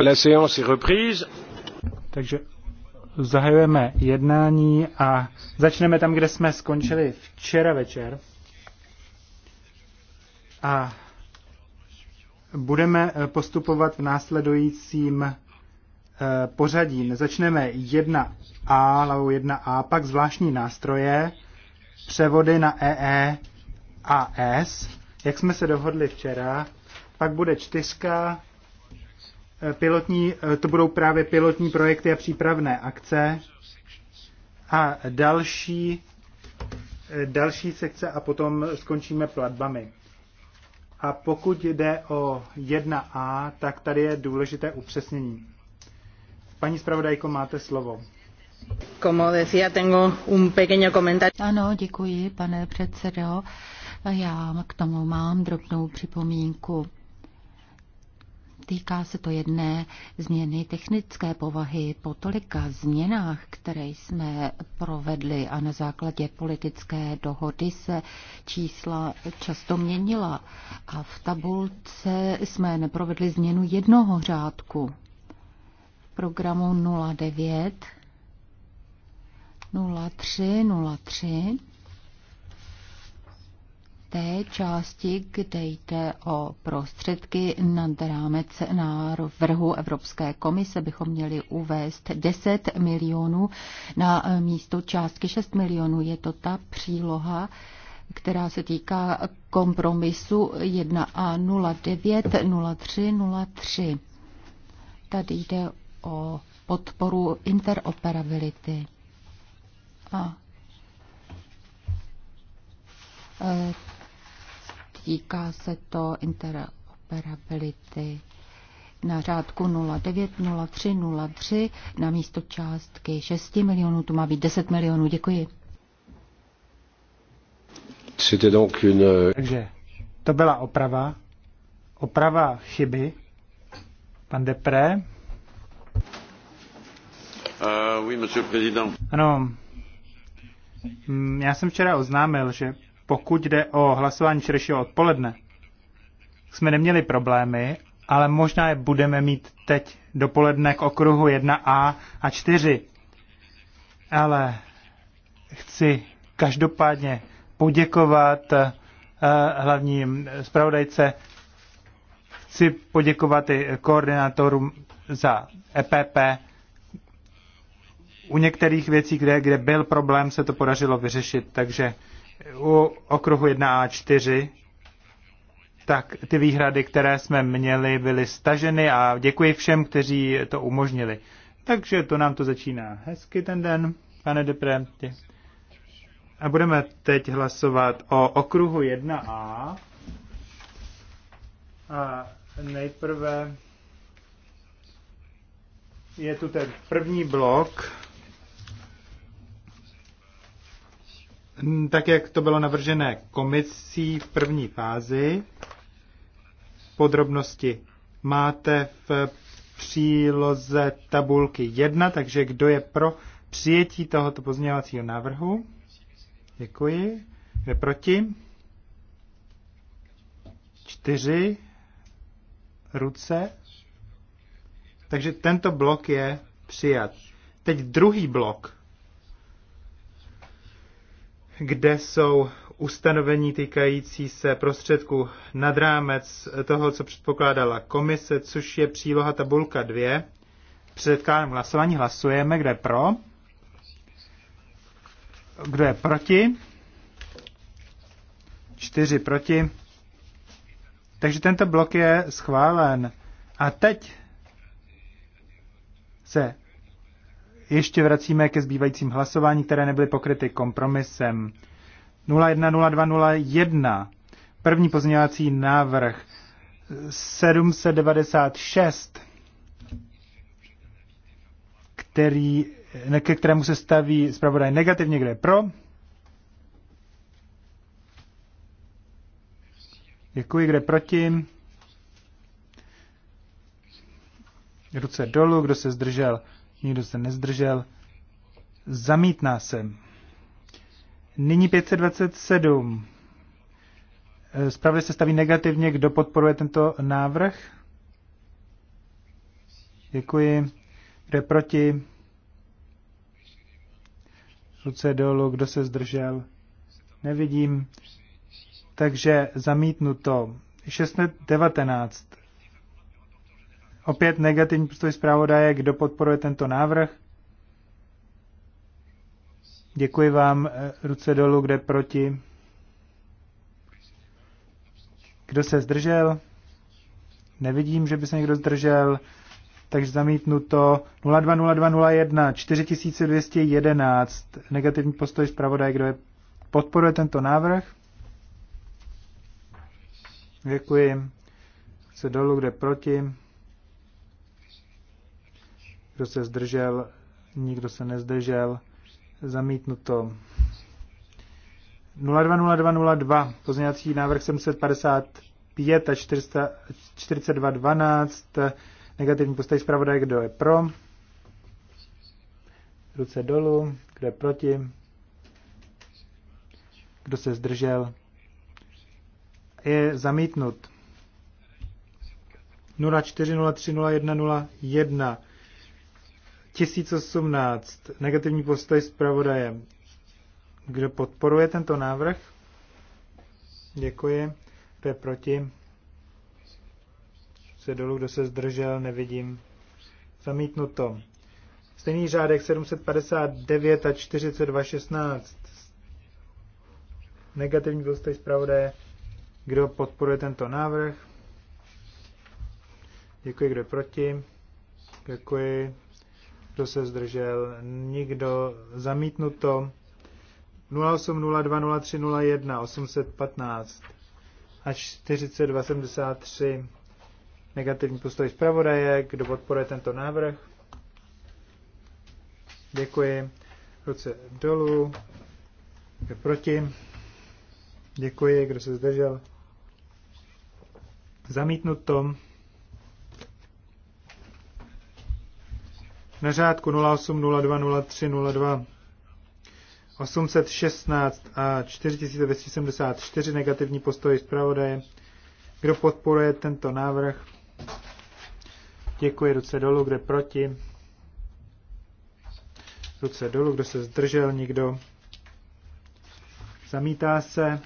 La séance est reprise. Takže zahajujeme jednání a začneme tam, kde jsme skončili včera večer. A budeme eh, postupovat v následujícím eh, pořadí. Začneme 1A, lavou 1A, pak zvláštní nástroje, převody na EE e a S, jak jsme se dohodli včera, pak bude čtyřka, pilotní, to budou právě pilotní projekty a přípravné akce a další, další sekce a potom skončíme platbami. A pokud jde o 1A, tak tady je důležité upřesnění. Paní zpravodajko, máte slovo. Como decía, tengo un pequeño comentario. Ano, děkuji, pane předsedo. Já k tomu mám drobnou připomínku. Týká se to jedné změny technické povahy. Po tolika změnách, které jsme provedli a na základě politické dohody se čísla často měnila. A v tabulce jsme neprovedli změnu jednoho řádku. V programu 09 03 03 té části, kde jde o prostředky nad rámec návrhu Evropské komise, bychom měli uvést 10 milionů na místo částky 6 milionů. Je to ta příloha, která se týká kompromisu 1A 090303. Tady jde o podporu interoperability. A e, týká se to interoperability na řádku 090303 na místo částky 6 milionů, to má být 10 milionů. Děkuji. Takže to byla oprava. Oprava chyby. Pan Depré. Uh, oui, ano, mm, já jsem včera oznámil, že pokud jde o hlasování včerejšího odpoledne, jsme neměli problémy, ale možná je budeme mít teď dopoledne k okruhu 1a a 4. Ale chci každopádně poděkovat eh, hlavním zpravodajce, chci poděkovat i koordinátorům za EPP. U některých věcí, kde, kde byl problém, se to podařilo vyřešit, takže u okruhu 1A4, tak ty výhrady, které jsme měli, byly staženy a děkuji všem, kteří to umožnili. Takže to nám to začíná hezky ten den, pane Depré. A budeme teď hlasovat o okruhu 1A. A nejprve je tu ten první blok. Hm, tak jak to bylo navržené komisí v první fázi. Podrobnosti máte v příloze tabulky 1, takže kdo je pro přijetí tohoto pozměňovacího návrhu? Děkuji. Kdo proti? Čtyři ruce. Takže tento blok je přijat. Teď druhý blok kde jsou ustanovení týkající se prostředku nad rámec toho, co předpokládala komise, což je příloha tabulka 2. Předkládám hlasování, hlasujeme, kde pro, kdo je proti, čtyři proti. Takže tento blok je schválen. A teď se ještě vracíme ke zbývajícím hlasování, které nebyly pokryty kompromisem. 010201. První pozměňovací návrh 796, který, ke kterému se staví zpravodaj negativně, kde je pro. Děkuji, kde proti. Ruce dolů, kdo se zdržel nikdo se nezdržel, zamítná se. Nyní 527. Zpravdy se staví negativně, kdo podporuje tento návrh? Děkuji. Kdo je proti? Ruce dolů, kdo se zdržel? Nevidím. Takže zamítnuto. 619 Opět negativní postoj zpravodaje, kdo podporuje tento návrh. Děkuji vám, eh, ruce dolů, kde proti. Kdo se zdržel? Nevidím, že by se někdo zdržel, takže zamítnuto 020201 4211, negativní postoj zpravodaje, kdo je, podporuje tento návrh. Děkuji. Se dolů, kde proti. Kdo se zdržel? Nikdo se nezdržel. Zamítnuto. 020202, pozměňovací návrh 755 a 4212, negativní postoj zpravodaje, kdo je pro, ruce dolů, kdo je proti, kdo se zdržel, je zamítnut. 04030101 1018, negativní postoj pravodajem. Kdo podporuje tento návrh? Děkuji. Kdo je proti? Se dolů, kdo se zdržel, nevidím. Zamítnuto. Stejný řádek 759 a 4216. Negativní postoj zpravodaje. Kdo podporuje tento návrh? Děkuji, kdo je proti. Děkuji. Kdo se zdržel? Nikdo. Zamítnuto. 08020301 815 a 4273 negativní postoj zpravodaje. Kdo podporuje tento návrh? Děkuji. Ruce dolů. Kdo proti? Děkuji. Kdo se zdržel? Zamítnuto. na řádku 08020302 816 a 4274 negativní postoj zpravodaje. Kdo podporuje tento návrh? Děkuji, ruce dolů, kde proti? Ruce dolů, kdo se zdržel, nikdo. Zamítá se.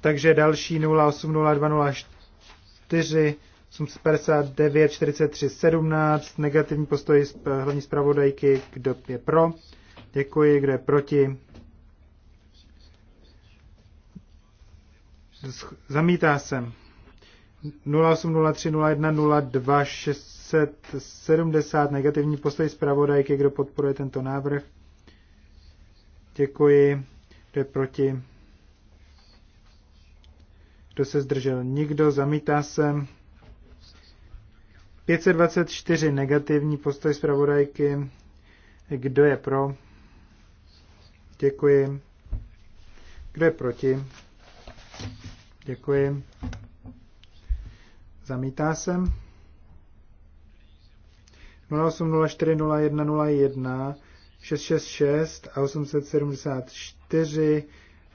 Takže další 080204 59, 43, 17, negativní postoj hlavní zpravodajky, kdo je pro, děkuji, kdo je proti. Zamítá se. 0803 negativní postoj zpravodajky, kdo podporuje tento návrh. Děkuji, kdo je proti. Kdo se zdržel? Nikdo, zamítá se. 524 negativní postoj zpravodajky. Kdo je pro? Děkuji. Kdo je proti? Děkuji. Zamítá se. 0804 666 a 874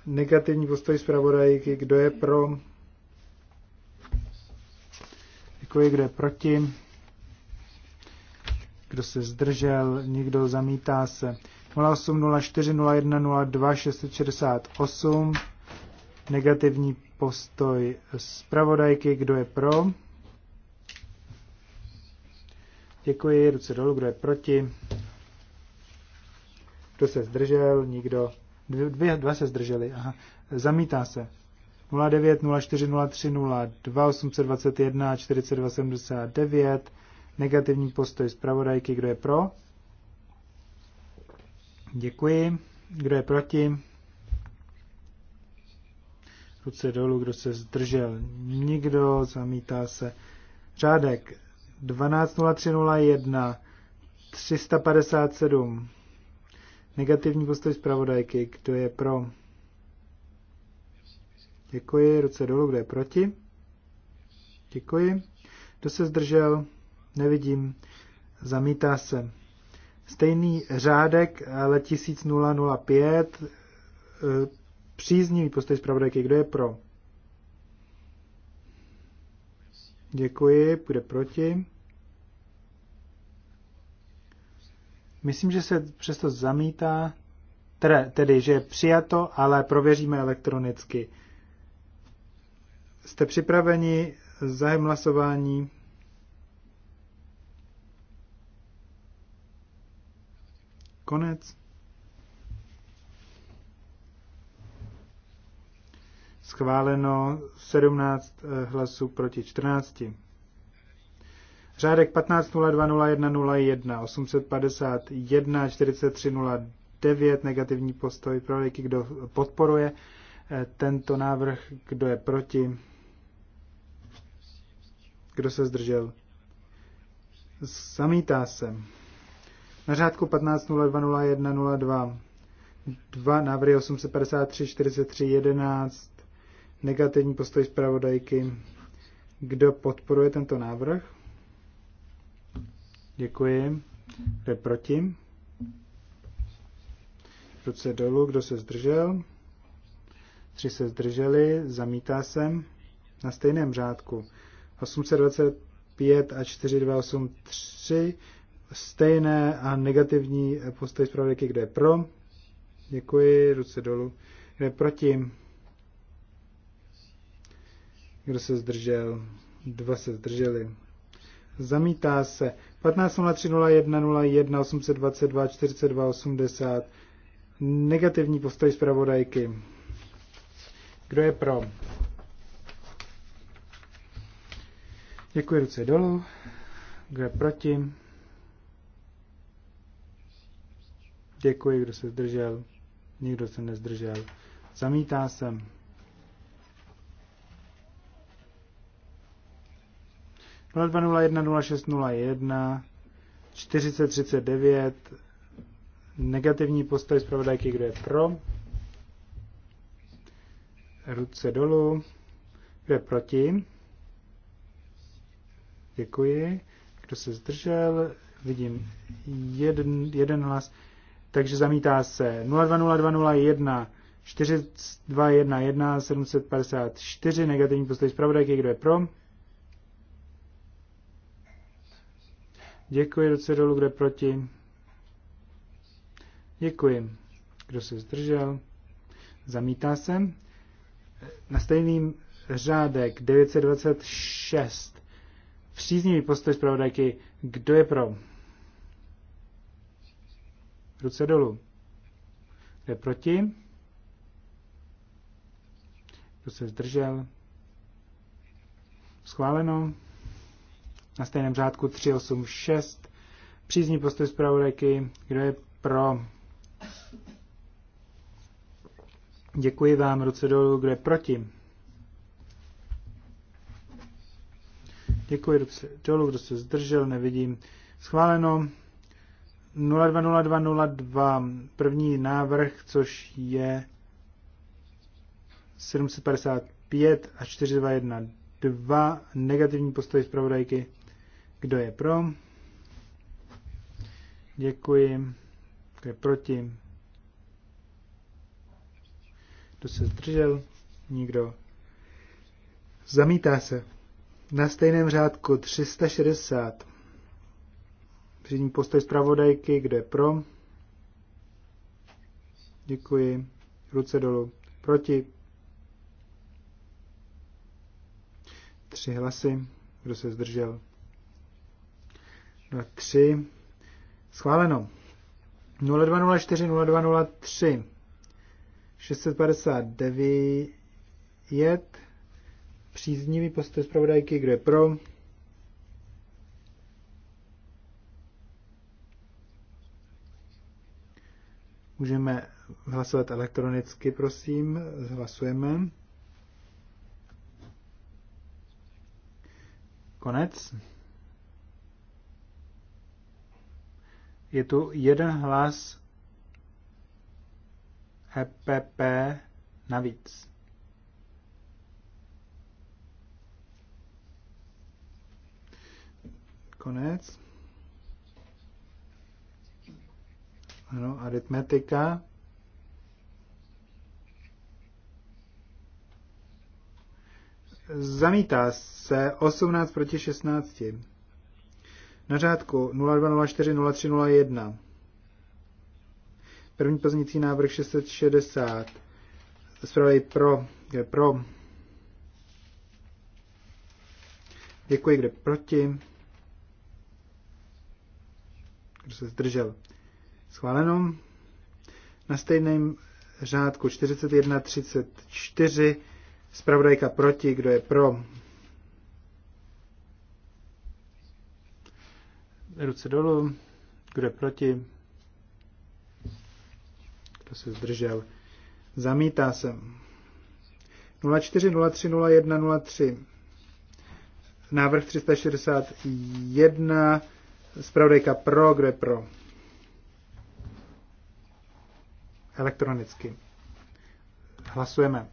negativní postoj zpravodajky. Kdo je pro? Děkuji, kdo je proti? kdo se zdržel, nikdo zamítá se. 0804010268, negativní postoj zpravodajky, kdo je pro. Děkuji, ruce dolů, kdo je proti. Kdo se zdržel, nikdo. Dvě, dva se zdrželi, aha. Zamítá se. 09 04 03 02 821 42 79 Negativní postoj zpravodajky, kdo je pro? Děkuji. Kdo je proti? Ruce dolů, kdo se zdržel? Nikdo, zamítá se. Řádek 12.03.01 357. Negativní postoj zpravodajky, kdo je pro? Děkuji, ruce dolů, kdo je proti? Děkuji. Kdo se zdržel? Nevidím. Zamítá se. Stejný řádek, ale 1005. E, příznivý postoj zpravodajky. Kdo je pro? Děkuji. Půjde proti. Myslím, že se přesto zamítá, tedy, tedy že je přijato, ale prověříme elektronicky. Jste připraveni? Zahem hlasování. Konec. Schváleno 17 eh, hlasů proti 14. Řádek 15.02.01.01, 851, negativní postoj pro lidi, kdo podporuje eh, tento návrh, kdo je proti, kdo se zdržel. Zamítá se. Na řádku 15.02.01.02 2 návrhy 853.43.11. negativní postoj zpravodajky. Kdo podporuje tento návrh? Děkuji. Kdo je proti? Ruce dolů. Kdo se zdržel? Tři se zdrželi. Zamítá se. Na stejném řádku. 825 a 4283 stejné a negativní postoj zpravodajky, kde je pro. Děkuji, ruce dolů. Kde je proti? Kdo se zdržel? Dva se zdrželi. Zamítá se. 15.03.01.01.822.42.80 Negativní postoj zpravodajky. Kdo je pro? Děkuji ruce dolů. Kdo je proti? Děkuji, kdo se zdržel. Nikdo se nezdržel. Zamítá se. Nula dva jedna nula šest nula jedna čtyřicet třicet devět negativní postoj zpravodajky, kdo je pro. Ruce dolů. Kdo je proti? Děkuji. Kdo se zdržel? Vidím jeden, jeden hlas takže zamítá se 020201 4211 754, negativní postoj zpravodajky, kdo je pro? Děkuji, ruce dolů, kdo je proti? Děkuji. Kdo se zdržel? Zamítá se. Na stejný řádek 926. Příznivý postoj zpravodajky, kdo je pro? Ruce dolů. Kdo je proti? Kdo se zdržel? Schváleno. Na stejném řádku 386. Přízní postoj zpravodajky. Kdo je pro? Děkuji vám. Ruce dolů. Kdo je proti? Děkuji. Ruce dolů. Kdo se zdržel? Nevidím. Schváleno. 020202, první návrh, což je 755 a 4212, negativní postoj zpravodajky. Kdo je pro? Děkuji. Kdo je proti? Kdo se zdržel? Nikdo. Zamítá se. Na stejném řádku 360 Řízní postoj zpravodajky, kde pro. Děkuji. Ruce dolů. Proti. Tři hlasy. Kdo se zdržel? Dva, tři. Schváleno. 0204 0203 659 příznivý postoj zpravodajky, kdo je pro, Můžeme hlasovat elektronicky, prosím. Hlasujeme. Konec. Je tu jeden hlas EPP navíc. Konec. Ano, aritmetika. Zamítá se 18 proti 16. Na řádku 02040301. První pozměnící návrh 660. Zpravej pro, kde pro. Děkuji, kde proti. Kdo se zdržel? Schváleno. Na stejném řádku 41.34. Spravodajka proti, kdo je pro? Ruce dolů. Kdo je proti? Kdo se zdržel? Zamítá se. 04030103. Návrh 361. Spravodajka pro, kdo je pro? elektronicky. Hlasujeme.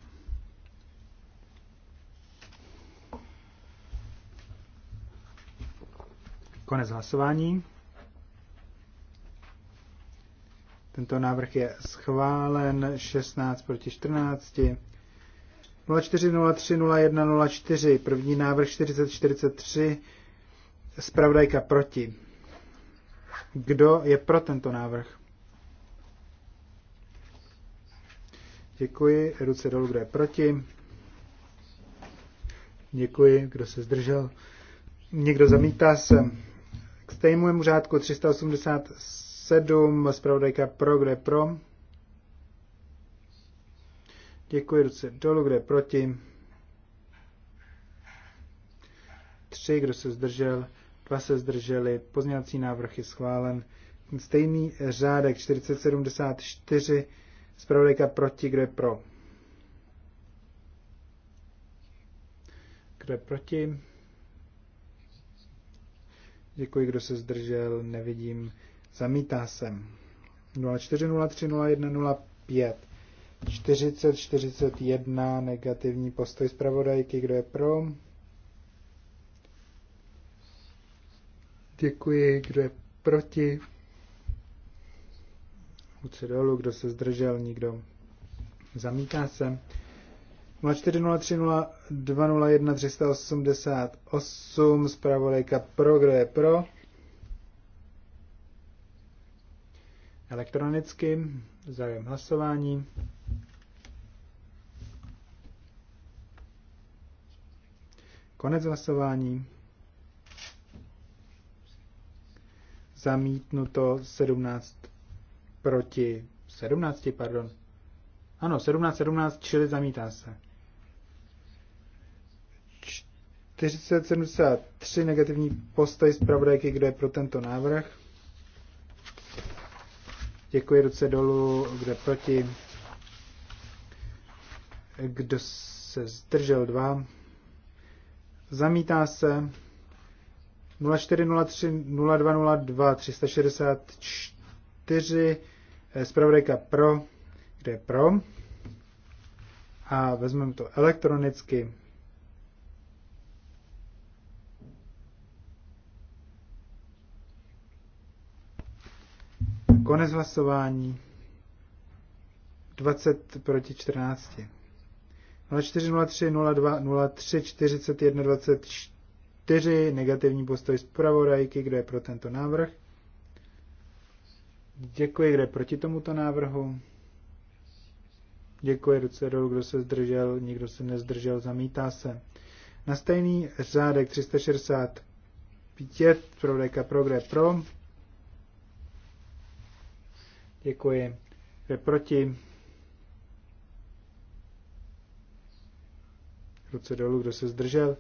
Konec hlasování. Tento návrh je schválen 16 proti 14. 04030104, první návrh 4043, zpravodajka proti. Kdo je pro tento návrh? Děkuji. Ruce dolů, kdo je proti. Děkuji, kdo se zdržel. Někdo zamítá se. K stejnému řádku 387, zpravodajka pro, kdo je pro. Děkuji, ruce dolů, kdo je proti. Tři, kdo se zdržel, dva se zdrželi, pozněvací návrh je schválen. Stejný řádek 4074, Zpravodajka proti, kdo je pro? Kdo je proti? Děkuji, kdo se zdržel, nevidím. Zamítá jsem. 04030105 4041 negativní postoj zpravodajky, kdo je pro? Děkuji, kdo je proti? ruce dolů, kdo se zdržel, nikdo zamítá se. 04030201 zpravodajka pro, kdo je pro. Elektronicky, zájem hlasování. Konec hlasování. Zamítnuto 17 proti 17, pardon. Ano, 17, 17, čili zamítá se. 473 negativní postoj zpravodajky, kdo je pro tento návrh. Děkuji ruce dolů, kdo proti. Kdo se zdržel dva. Zamítá se 0403 0202 364 4, eh, zpravodajka pro, kde je pro. A vezmeme to elektronicky. Konec hlasování. 20 proti 14. 0403 02 03 41 24 negativní postoj zpravodajky, kde je pro tento návrh. Děkuji, kde proti tomuto návrhu. Děkuji ruce dolů, kdo se zdržel, nikdo se nezdržel, zamítá se. Na stejný řádek 365 pro deka pro kde pro. Děkuji. Kde proti. Ruce dolů, kdo se zdržel.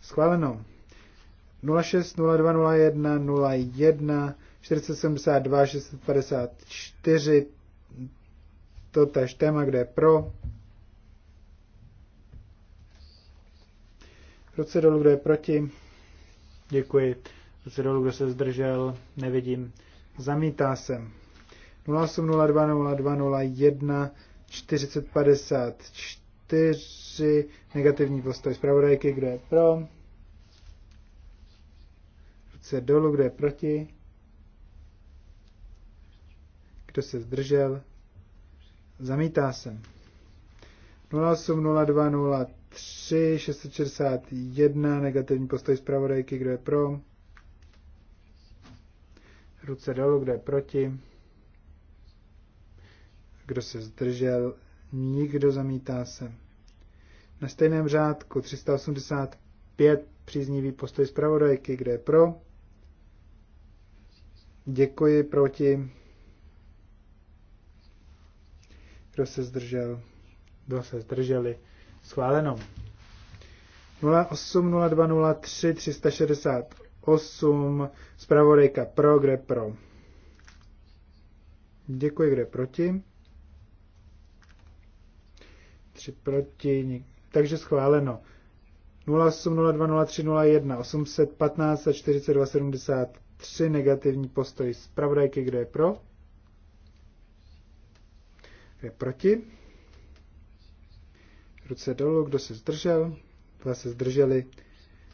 Schváleno. 06 02 01 01 to tež téma, kde je pro. Ruce dolů, kdo je proti. Děkuji. Ruce dolů, kdo se zdržel, nevidím. Zamítá se. 08020201 negativní postoj zpravodajky, kdo je pro. Ruce dolů, kdo je proti. Kdo se zdržel? Zamítá se. 03, 661 negativní postoj zpravodajky, kdo je pro? Ruce dolů, kdo je proti? Kdo se zdržel? Nikdo zamítá se. Na stejném řádku 385 příznivý postoj zpravodajky, kde je pro? Děkuji proti Kdo se zdržel? Kdo se zdrželi? Schváleno. 08.02.03.368 368 pro, kde pro. Děkuji, kde proti. Tři proti, takže schváleno. 08020301 815 a 4273 negativní postoj zpravodajky, kde je pro. Kdo je proti? Ruce dolů, kdo se zdržel? Dva se zdrželi.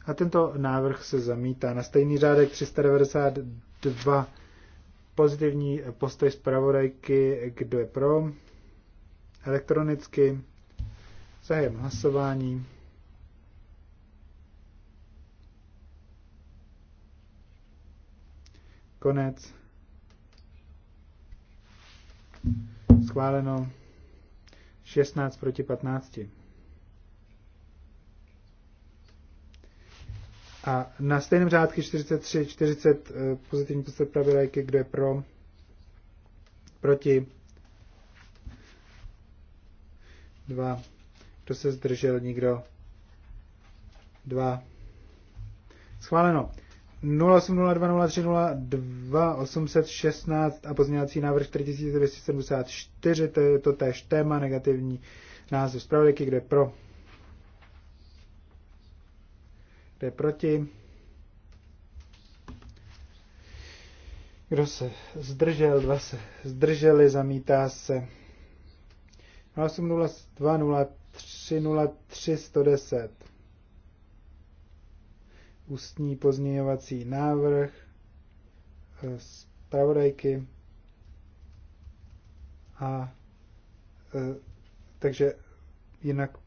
A tento návrh se zamítá. Na stejný řádek 392 pozitivní postoj zpravodajky, kdo je pro, elektronicky, zahajem hlasování. Konec. Schváleno 16 proti 15. A na stejném řádky 43, 40 eh, pozitivní postup pravidlajky, kdo je pro, proti, 2, kdo se zdržel, nikdo, 2. Schváleno. 0802030216 a pozměňovací návrh 4274, to je to též téma, negativní název zpravodajky, kde pro, kde proti, kdo se zdržel, dva se zdrželi, zamítá se 0802030310 ústní pozměňovací návrh eh, z pravodajky. a eh, takže jinak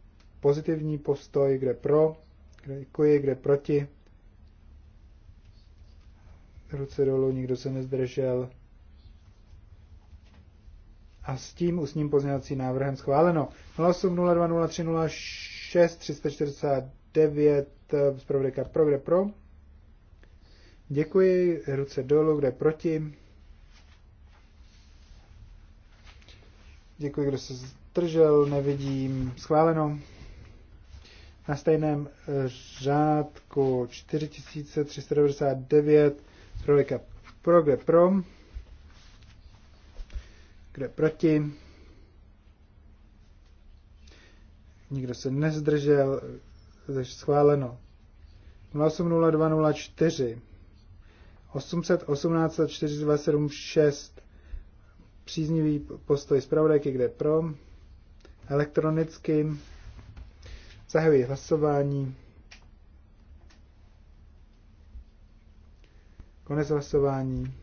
pozitivní postoj, kde pro, kde děkuji, kde proti. Ruce dolů, nikdo se nezdržel. A s tím ústním pozměňovacím návrhem schváleno. 08 06 349 Eh, zpravodajka pro, kde pro. Děkuji, ruce dolů, kde proti. Děkuji, kdo se zdržel, nevidím, schváleno. Na stejném eh, řádku 4399, zpravodajka pro, kde pro, kde proti. Nikdo se nezdržel, takže schváleno. 080204 818 4276 příznivý postoj zpravodajky, kde pro, elektronicky, zahajuji hlasování, konec hlasování,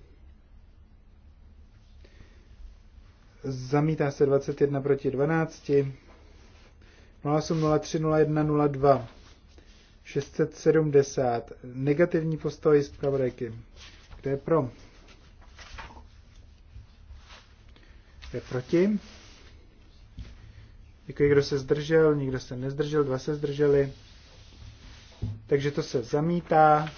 zamítá se 21 proti 12, 670. Negativní postoj z pravodajky. Kde je pro? Kde je proti? Děkuji, kdo se zdržel, nikdo se nezdržel, dva se zdrželi. Takže to se zamítá.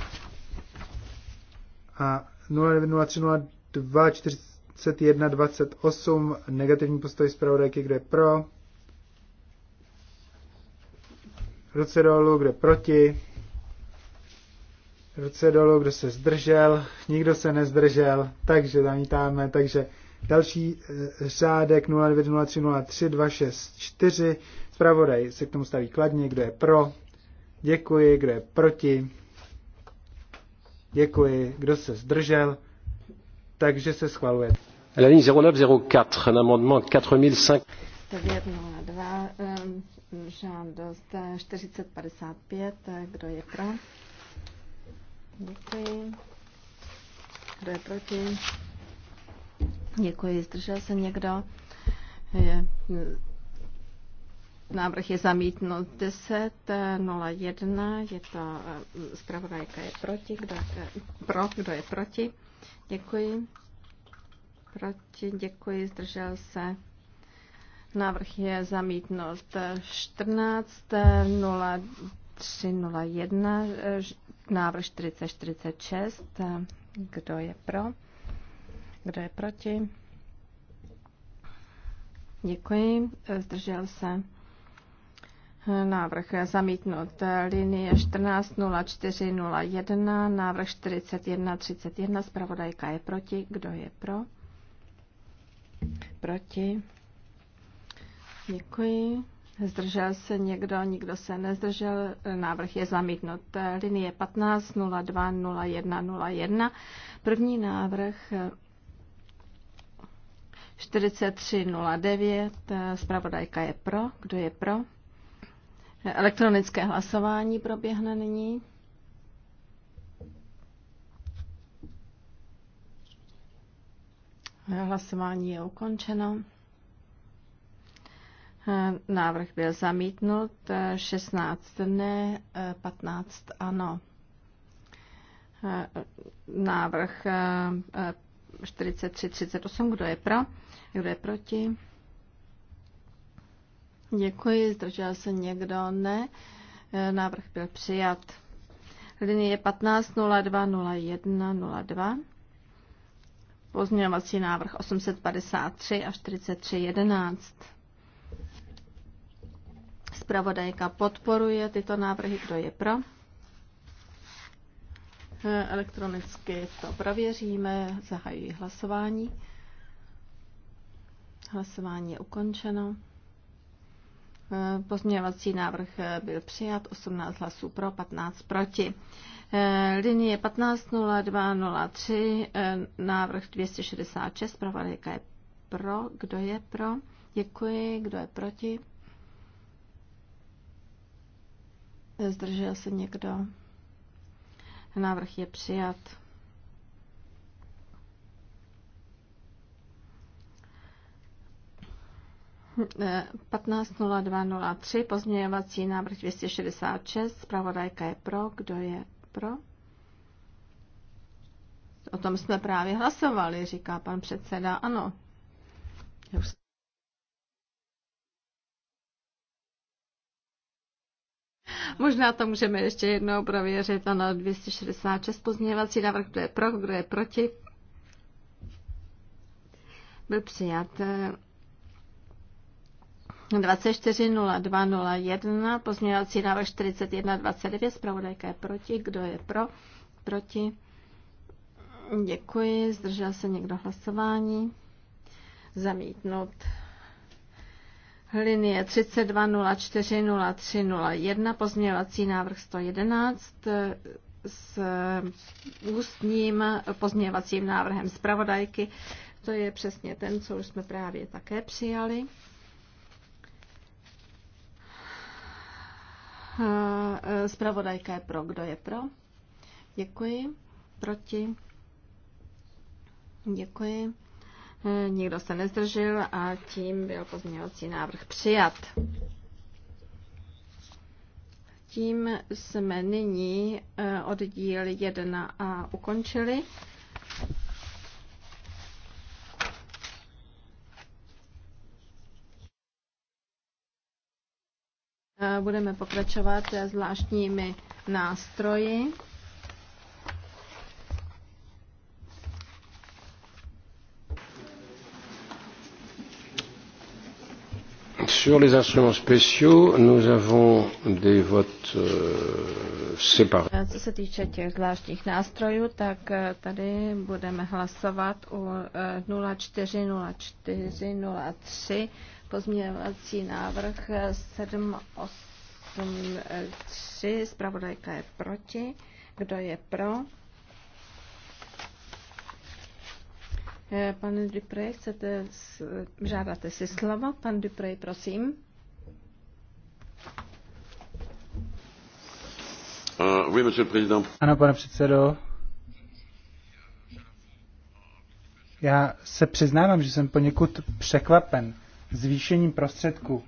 A 090302 negativní postoj pravodajky, kde je pro? Ruce dolů, kdo proti. Ruce dolů, kdo se zdržel. Nikdo se nezdržel, takže zamítáme. Takže další eh, řádek 0903033264. Zpravodaj se k tomu staví kladně, kdo je pro. Děkuji, kdo je proti. Děkuji, kdo se zdržel. Takže se schvaluje. La ligne 0904, un amendement 4005. 902, žádost 40-55, Kdo je pro? Děkuji. Kdo je proti? Děkuji. Zdržel se někdo? Je, návrh je zamítnut 10.01. Je to, eh, zpravodajka je proti. Kdo je, eh, pro? Kdo je proti? Děkuji. Proti, děkuji, zdržel se. Návrh je zamítnut 14.03.01, návrh 4046. Kdo je pro? Kdo je proti? Děkuji. Zdržel se. Návrh zamítnut. Linie 140401, návrh 4131, zpravodajka je proti. Kdo je pro? Proti. Děkuji. Zdržel se někdo, nikdo se nezdržel. Návrh je zamítnut. Linie 15.02.01.01. První návrh 4309. Spravodajka je pro. Kdo je pro? Elektronické hlasování proběhne nyní. Hlasování je ukončeno. Eh, návrh byl zamítnut, 16 eh, ne, 15 eh, ano. Návrh 43-38, kdo je pro, kdo je proti? Děkuji, zdržel se někdo? Ne. Návrh byl přijat. Linie 15.02.01.02. Pozměňovací návrh 853 a 43.11. Spravodajka podporuje tyto návrhy. Kdo je pro? Eh, elektronicky to prověříme. Zahajuji hlasování. Hlasování je ukončeno. Eh, pozměňovací návrh eh, byl přijat, 18 hlasů pro, 15 proti. Linie 150203, návrh 266, pravodajka je pro. Kdo je pro? Děkuji. Kdo je proti? Zdržel se někdo? Návrh je přijat. E, 15.02.03, pozměňovací návrh 266, zpravodajka je pro, kdo je pro? O tom jsme právě hlasovali, říká pan předseda, ano. Možná to můžeme ještě jednou prověřit. Ano, 266 pozměňovací návrh, kdo je pro, kdo je proti. Byl přijat 24.02.01, pozměňovací návrh 41.29, zpravodajka je proti, kdo je pro, proti. Děkuji, zdržel se někdo hlasování. Zamítnout linie 32040301, pozměňovací návrh 111 e, s ústním pozměňovacím návrhem zpravodajky. To je přesně ten, co už jsme právě také přijali. E, e, zpravodajka je pro. Kdo je pro? Děkuji. Proti? Děkuji. Hm, nikdo se nezdržel a tím byl pozměňovací návrh přijat. Tím jsme nyní eh, oddíl 1a ukončili. Eh, budeme pokračovat zvláštními nástroji. Sur les instruments spéciaux, nous avons des votes euh, séparés. Eh, co se týče těch zvláštních nástrojů, tak eh, tady budeme hlasovat u 040403 eh, pozměňovací návrh 783. Zpravodajka je proti. Kdo je pro? Eh, pane Dupré, chcete, žádáte si slovo? Pan Dupré, prosím. Eh, ano, pane předsedo. Já se přiznávám, že jsem poněkud překvapen zvýšením prostředku.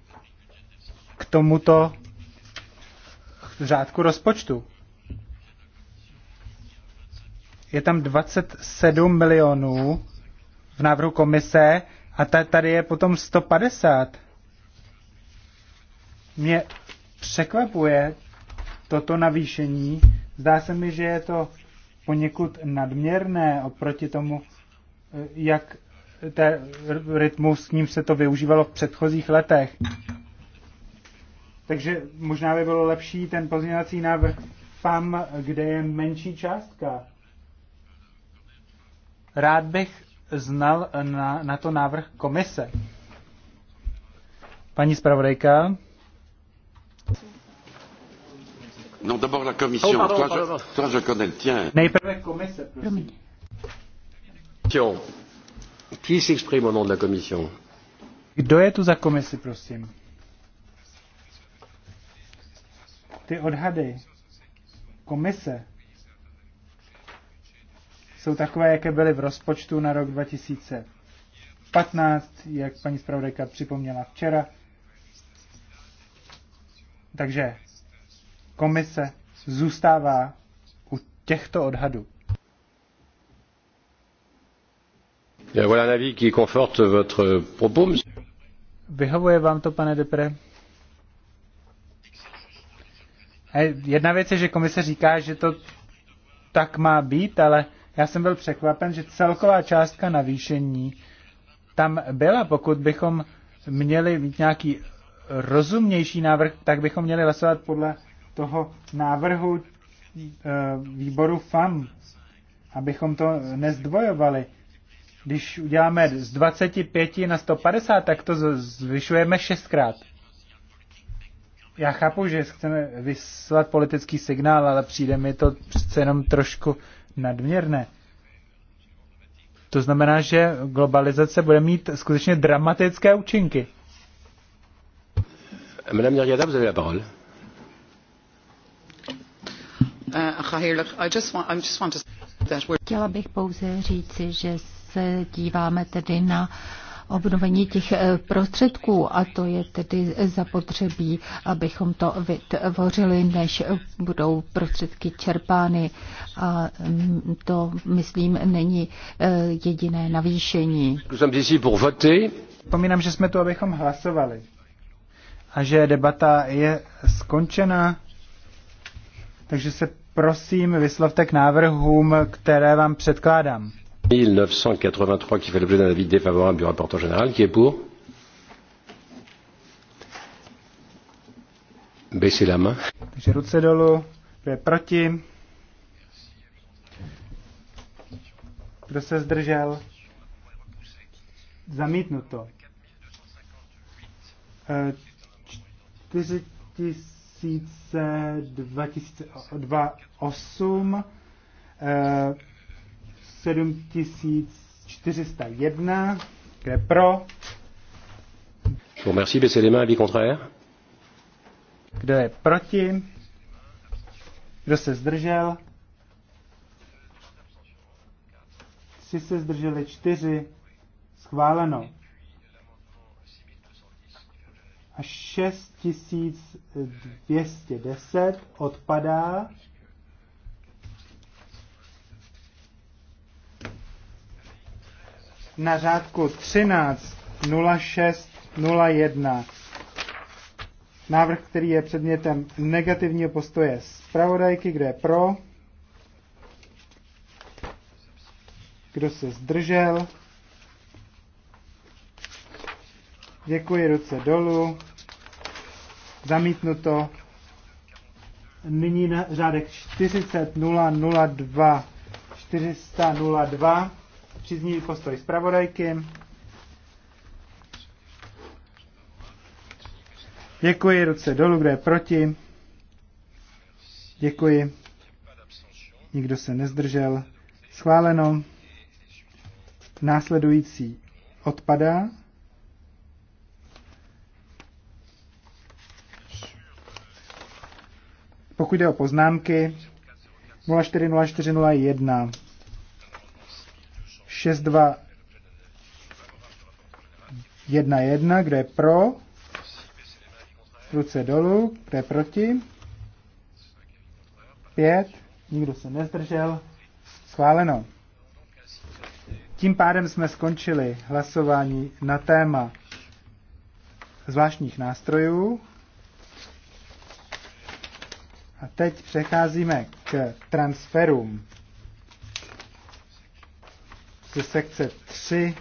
k tomuto řádku rozpočtu. Je tam 27 milionů v návrhu komise a tady je potom 150. Mě překvapuje toto navýšení. Zdá se mi, že je to poněkud nadměrné oproti tomu, eh, jak ten rytmu, s ním se to využívalo v předchozích letech. Takže možná by bylo lepší ten pozměňovací návrh tam, kde je menší částka. Rád bych znal eh, na, na to návrh komise. Paní zpravodajka. No, d'abord la commission. Oh, pardon, toi, pardon. Je, toi, je connais le tien. Nejprve komise, prosím. Qui s'exprime au nom de la commission? Kdo je tu za komisi, prosím? Ty odhady komise jsou takové, jaké byly v rozpočtu na rok 2015, jak paní zpravodajka připomněla včera. Takže komise zůstává u těchto odhadů. Vyhovuje vám to, pane Depre? Eh, jedna věc je, že komise říká, že to tak má být, ale já jsem byl překvapen, že celková částka navýšení tam byla. Pokud bychom měli mít nějaký rozumnější návrh, tak bychom měli hlasovat podle toho návrhu eh, výboru FAM, abychom to nezdvojovali. Když uděláme z 25 na 150, tak to zvyšujeme šestkrát. Já chápu, že chceme vyslat politický signál, ale přijde mi to přece jenom trošku nadměrné. To znamená, že globalizace bude mít skutečně dramatické účinky. Madame Niriada, vous avez la parole. Uh, Chtěla bych pouze říci, že se díváme tedy na obnovení těch eh, prostředků a to je tedy zapotřebí, abychom to vytvořili, než budou prostředky čerpány. A mm, to, myslím, není eh, jediné navýšení. Vzpomínám, že jsme tu, abychom hlasovali a že debata je skončena, takže se prosím vyslovte k návrhům, které vám předkládám. 1983 qui fait l'objet d'un avis défavorable du rapporteur général. Qui est pour Baissez la main. Takže ruce dolů. Kdo je proti? Kdo se zdržel? Zamítnuto. E, 4000 2008 7401, Kdo je pro. Je vous Kdo je proti? Kdo se zdržel? Tři se zdrželi, čtyři. Schváleno. A 6210 odpadá. na řádku 13.06.01. Návrh, který je předmětem negativního postoje zpravodajky, kde je pro, kdo se zdržel. Děkuji, ruce dolů. Zamítnuto. Nyní na řádek 40.002. 002 příznivý postoj zpravodajky. Děkuji, ruce dolů, kdo je proti. Děkuji. Nikdo se nezdržel. Schváleno. Následující odpadá. Pokud jde o poznámky, 040401 6211, kdo je pro, ruce dolů, kdo je proti, 5, nikdo se nezdržel, schváleno. Tím pádem jsme skončili hlasování na téma zvláštních nástrojů. A teď přecházíme k transferům ze sekce 3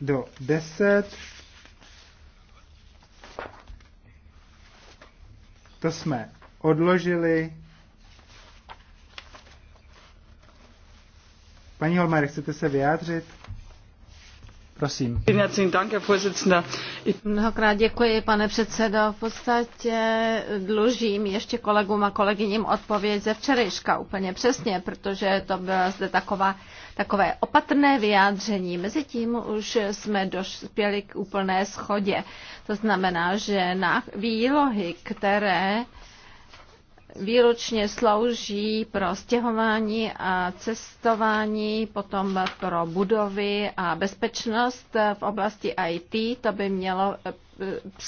do 10. To jsme odložili. Paní Holmer, chcete se vyjádřit? Prosím. Mnohokrát děkuji, pane předsedo. V podstatě dlužím ještě kolegům a kolegyním odpověď ze včerejška úplně přesně, protože to bylo zde taková, takové opatrné vyjádření. Mezitím už jsme dospěli k úplné schodě. To znamená, že na výlohy, které výročně slouží pro stěhování a cestování, potom pro budovy a bezpečnost v oblasti IT. To by mělo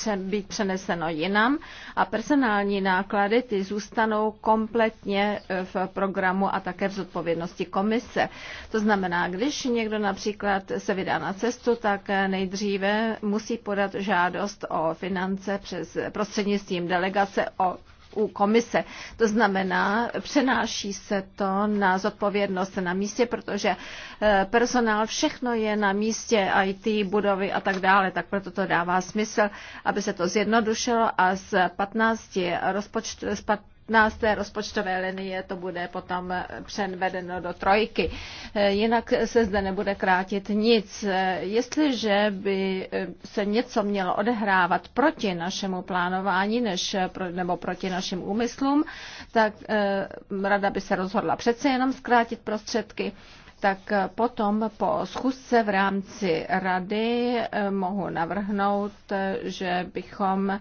eh, být přeneseno jinam a personální náklady ty zůstanou kompletně eh, v programu a také v zodpovědnosti komise. To znamená, když někdo například se vydá na cestu, tak eh, nejdříve musí podat žádost o finance přes prostřednictvím delegace o u komise. To znamená, přenáší se to na zodpovědnost na místě, protože eh, personál všechno je na místě, IT, budovy a tak dále, tak proto to dává smysl, aby se to zjednodušilo a z 15 rozpočtu, z 15 té rozpočtové linie to bude potom přenvedeno do trojky. Jinak se zde nebude krátit nic. Jestliže by se něco mělo odehrávat proti našemu plánování než, nebo proti našim úmyslům, tak eh, rada by se rozhodla přece jenom zkrátit prostředky tak potom po schůzce v rámci rady eh, mohu navrhnout, eh, že bychom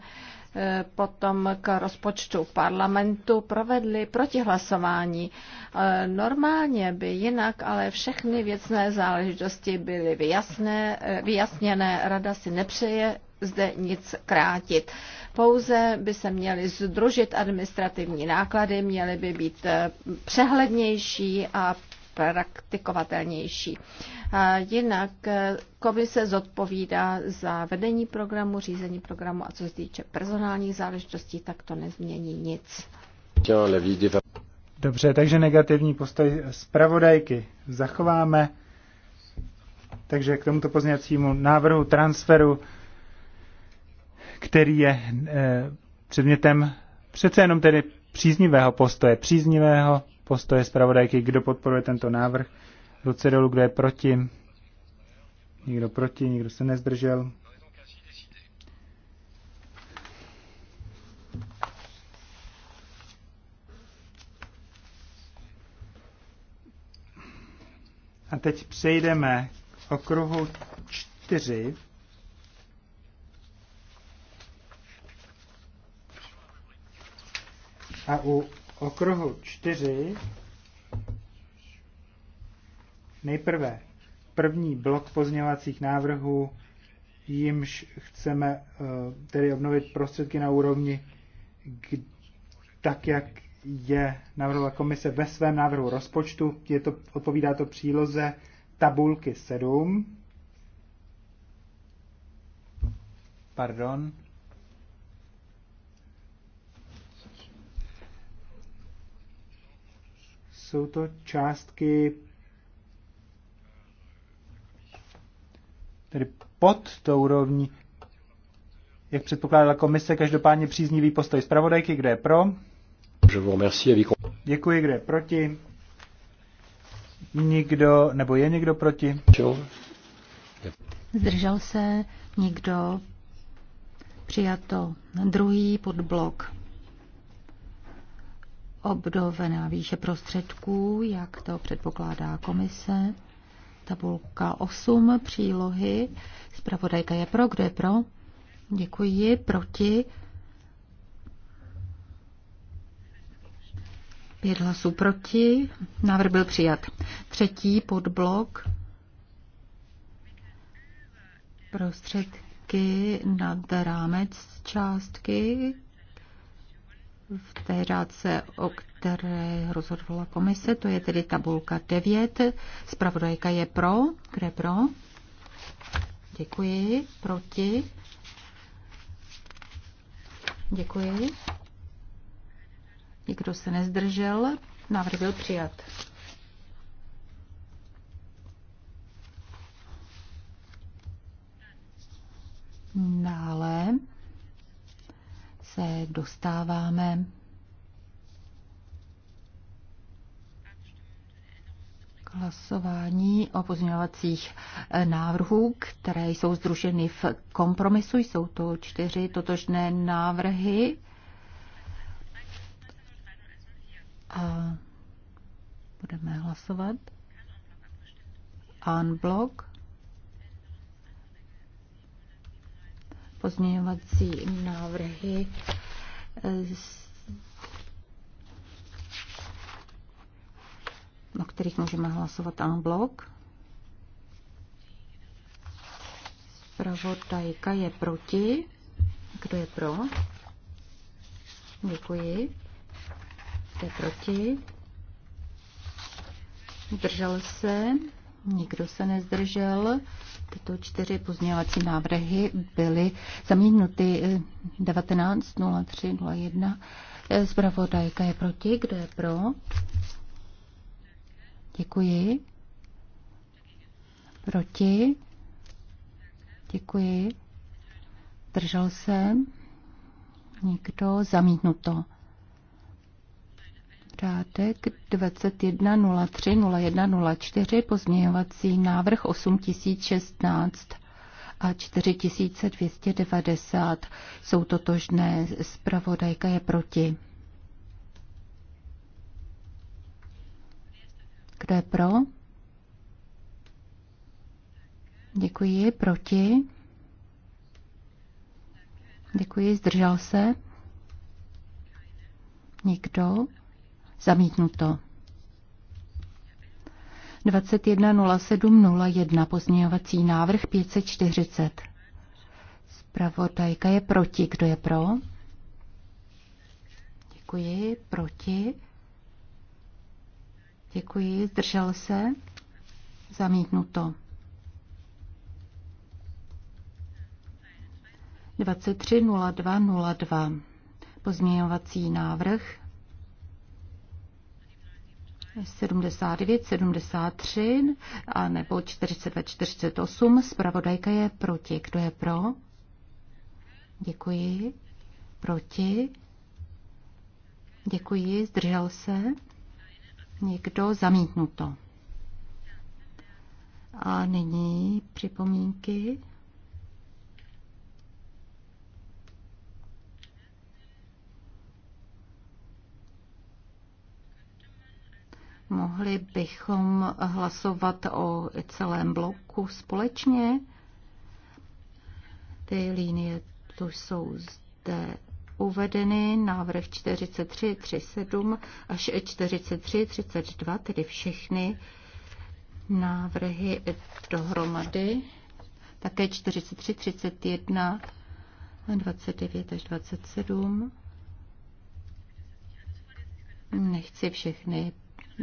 potom k rozpočtu parlamentu provedli protihlasování. E, normálně by jinak, ale všechny věcné záležitosti byly vyjasné, e, vyjasněné. Rada si nepřeje zde nic krátit. Pouze by se měly združit administrativní náklady, měly by být e, přehlednější a praktikovatelnější. A jinak eh, komise zodpovídá za vedení programu, řízení programu a co se týče personálních záležitostí, tak to nezmění nic. Dobře, takže negativní postoj zpravodajky zachováme. Takže k tomuto pozněcímu návrhu transferu, který je e, předmětem přece jenom tedy příznivého postoje, příznivého postoje zpravodajky, kdo podporuje tento návrh, Ruce dolů, kdo je proti? Nikdo proti, nikdo se nezdržel. A teď přejdeme k okruhu čtyři. A u okruhu čtyři Nejprve první blok pozměňovacích návrhů, jimž chceme eh, tedy obnovit prostředky na úrovni k, tak, jak je navrhla komise ve svém návrhu rozpočtu. Je to, odpovídá to příloze tabulky 7. Pardon. Jsou to částky tedy pod tou úrovní, jak předpokládala komise, každopádně příznivý postoj zpravodajky, kde je pro. Děkuji, kde je proti. Nikdo, nebo je někdo proti? Zdržel se někdo? Přijato. Druhý podblok. Obdovená výše prostředků, jak to předpokládá komise. Tabulka 8, přílohy. Zpravodajka je pro, kdo je pro? Děkuji. Proti? Pět hlasů proti. Návrh byl přijat. Třetí podblok. Prostředky nad rámec částky v té řádce, o které rozhodovala komise, to je tedy tabulka 9. Spravodajka je pro. Kde pro? Děkuji. Proti? Děkuji. Nikdo se nezdržel. Návrh byl přijat. Dále. No, se dostáváme k hlasování o pozměňovacích eh, návrhů, které jsou združeny v kompromisu. Jsou to čtyři totožné návrhy. A budeme hlasovat. Unblock. pozměňovací návrhy eh, o kterých můžeme hlasovat en blok. Zpravodajka je proti. Kdo je pro? Děkuji. Kdo je proti? Držel se. Nikdo se nezdržel. Tyto čtyři pozměňovací návrhy byly zamítnuty 19.03.01. Eh, eh, zpravodajka je proti. Kdo je pro? Děkuji. Proti? Děkuji. Držel se? Nikdo? Zamítnuto. Řádek 21.03.01.04, pozměňovací návrh 8016 a 4290 jsou totožné, zpravodajka je proti. Kdo je pro? Děkuji, proti? Děkuji, zdržel se? Nikdo? Zamítnuto. 210701 pozměňovací návrh 540. Zpravodajka je proti. Kdo je pro? Děkuji. Proti. Děkuji. Zdržel se. Zamítnuto. 230202. Pozměňovací návrh 79, 73 a nebo 42, 48. Spravodajka je proti. Kdo je pro? Děkuji. Proti? Děkuji. Zdržel se? Někdo? Zamítnuto. A nyní připomínky. Mohli bychom hlasovat o celém bloku společně? Ty linie tu jsou zde uvedeny, návrh 43, 37 až 43, 32, tedy všechny návrhy dohromady, také 43, 31, 29 až 27. Nechci všechny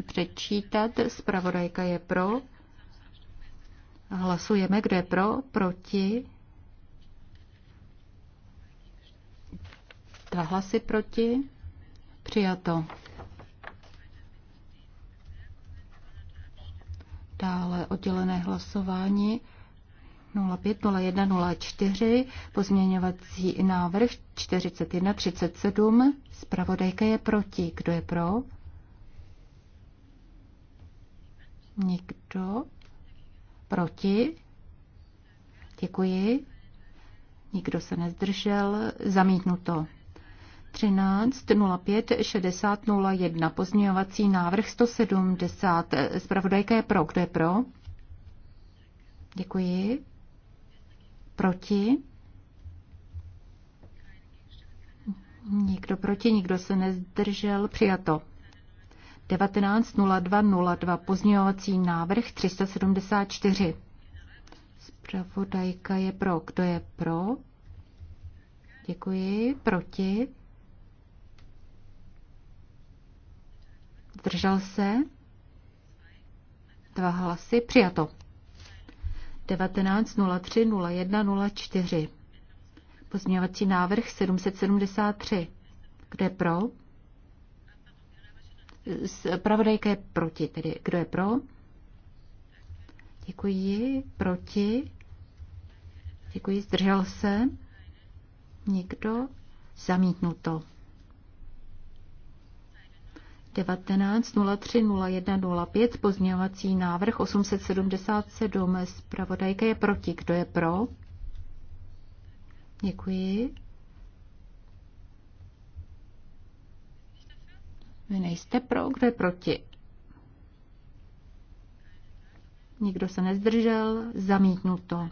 předčítat. Spravodajka je pro. Hlasujeme, kdo je pro, proti. Dva hlasy proti. Přijato. Dále oddělené hlasování 050104, pozměňovací návrh 4137. Spravodajka je proti. Kdo je pro? Nikdo? Proti? Děkuji. Nikdo se nezdržel. Zamítnuto. 13.05.60.01 pozměňovací návrh 170. Zpravodajka je pro. Kdo je pro? Děkuji. Proti? Nikdo proti, nikdo se nezdržel. Přijato. 19.02.02 pozměňovací návrh 374. Zpravodajka je pro. Kdo je pro? Děkuji. Proti? Zdržel se? Dva hlasy. Přijato. 19.03.01.04 Pozměňovací návrh 773. Kde pro? Pravodajka je proti, tedy kdo je pro? Děkuji. Proti? Děkuji. Zdržel se? Nikdo? Zamítnuto. 19.03.01.05 pozměňovací návrh 877. Zpravodajka je proti. Kdo je pro? Děkuji. Vy nejste pro, kdo je proti? Nikdo se nezdržel, zamítnuto.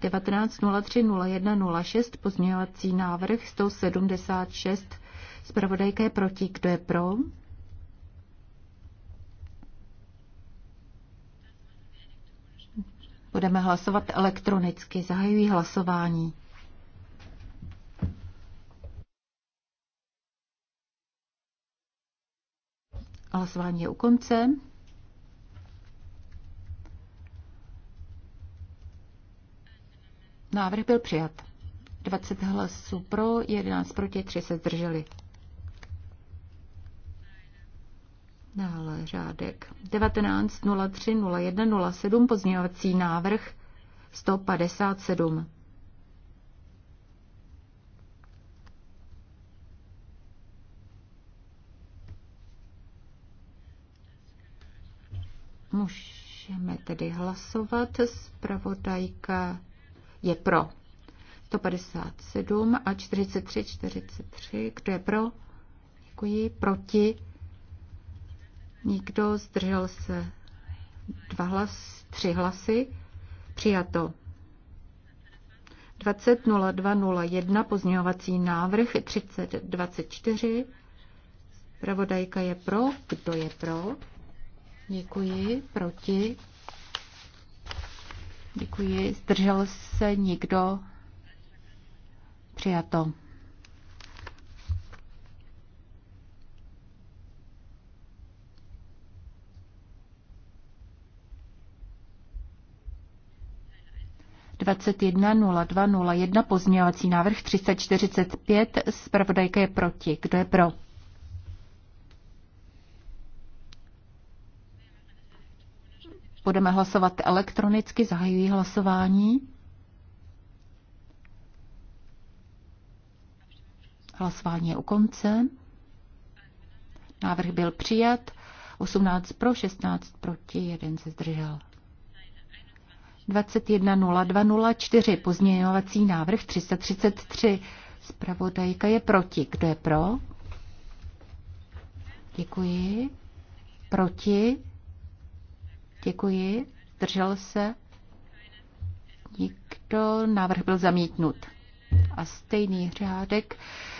19.03.01.06 pozměňovací návrh 176. Zpravodajka je proti. Kdo je pro? Budeme hlasovat elektronicky. Zahajují hlasování. Hlasování je u konce. Návrh byl přijat. 20 hlasů pro, 11 proti, 3 se zdrželi. Dále řádek 19.03.01.07 pozměňovací návrh 157. Můžeme tedy hlasovat. Zpravodajka je pro. 157 a 43, 43. Kdo je pro? Děkuji. Proti? Nikdo. Zdržel se dva hlas, tři hlasy. Přijato. 20.02.01 pozměňovací návrh 30.24. Pravodajka je pro. Kdo je pro? Děkuji. Proti? Děkuji. Zdržel se někdo? Přijato. Dvacet jedna nula dva nula jedna pozměňovací návrh 3045, Zpravodajka je proti. Kdo je pro? Budeme hlasovat elektronicky, zahajují hlasování. Hlasování je u konce. Návrh byl přijat. 18 pro, 16 proti, jeden se zdržel. 21.02.04 pozměňovací návrh 333. Zpravodajka je proti. Kdo je pro? Děkuji. Proti? Děkuji. Držel se? Nikdo. Návrh byl zamítnut. A stejný řádek.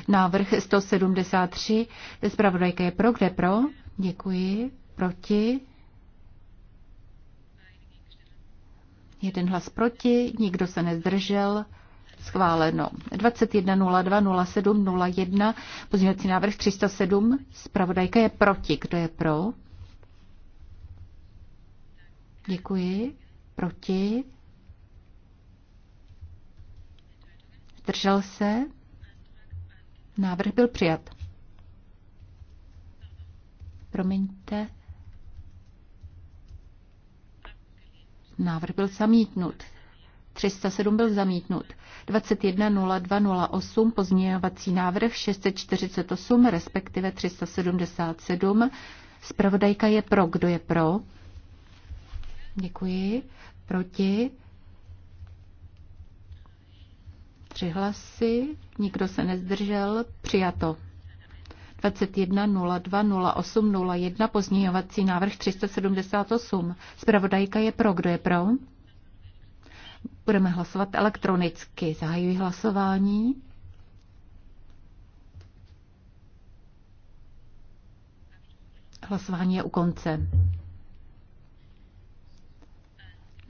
Návrh 173. Zpravodajka je pro. Kde pro? Děkuji. Proti? Jeden hlas proti, nikdo se nezdržel. Schváleno. 21.02.07.01, pozměňovací návrh 307, zpravodajka je proti. Kdo je pro? Děkuji. Proti? Zdržel se? Návrh byl přijat. Promiňte. Návrh byl zamítnut. 307 byl zamítnut. 210208 pozměňovací návrh 648, respektive 377. Spravodajka je pro. Kdo je pro? Děkuji. Proti? Tři hlasy. Nikdo se nezdržel. Přijato. 21.02.08.01 pozměňovací návrh 378. Zpravodajka je pro. Kdo je pro? Budeme hlasovat elektronicky. Zahajuji hlasování. Hlasování je u konce.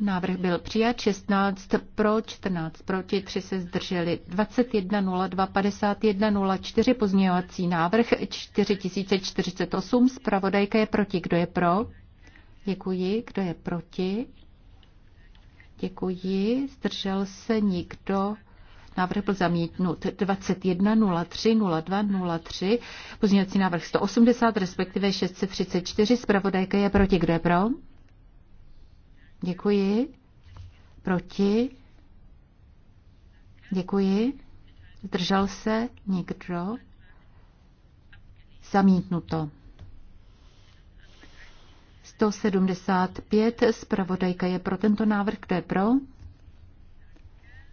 Návrh byl přijat 16 pro, 14 proti, 3 se zdrželi. 21.02.51.04 pozměňovací návrh 4048. Spravodajka je proti. Kdo je pro? Děkuji. Kdo je proti? Děkuji. Zdržel se nikdo. Návrh byl zamítnut 21.03.02.03. Pozměňovací návrh 180, respektive 634. Spravodajka je proti. Kdo je pro? Děkuji. Proti? Děkuji. Zdržel se někdo? Zamítnuto. 175. Spravodajka je pro tento návrh. Kdo je pro?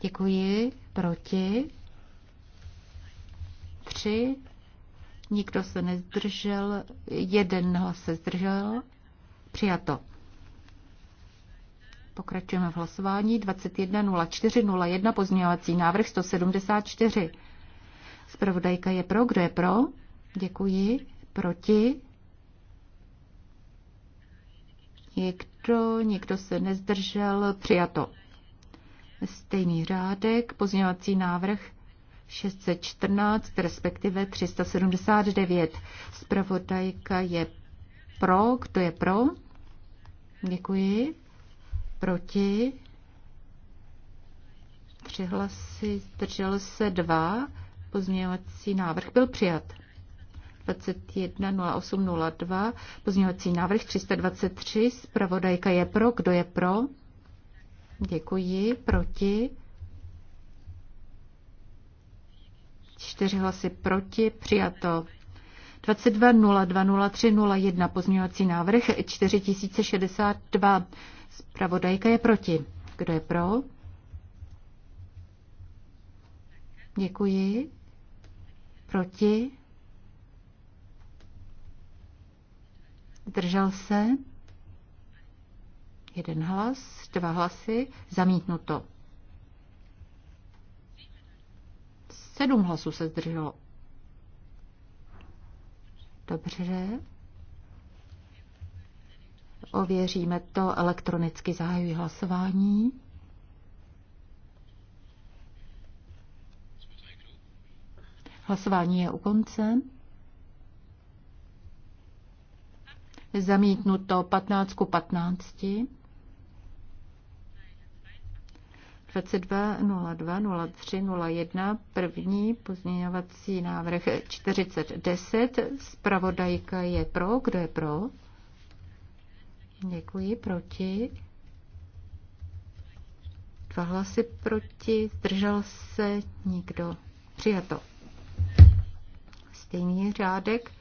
Děkuji. Proti? Tři. Nikdo se nezdržel. Jeden hlas se zdržel. Přijato. Pokračujeme v hlasování 210401 pozměňovací návrh 174. Spravodajka je pro. Kdo je pro? Děkuji. Proti? Někdo, někdo se nezdržel. Přijato. Stejný řádek, pozměňovací návrh 614, respektive 379. Spravodajka je pro. Kdo je pro? Děkuji proti, tři hlasy, držel se dva, pozměňovací návrh byl přijat. 21.08.02, pozměňovací návrh 323, zpravodajka je pro, kdo je pro? Děkuji, proti. Čtyři hlasy proti, přijato. 22.02.03.01, pozměňovací návrh 4062, Spravodajka je proti. Kdo je pro? Děkuji. Proti? Zdržel se? Jeden hlas, dva hlasy, zamítnuto. Sedm hlasů se zdrželo. Dobře. Ověříme to elektronicky. Zahajuji hlasování. Hlasování je u konce. Zamítnuto 15 ku 15. 22 02 03 01 první pozměňovací návrh 4010. Spravodajka je pro. Kdo je pro? Děkuji. Proti? Dva hlasy proti. Zdržel se nikdo. Přijato. Stejný řádek.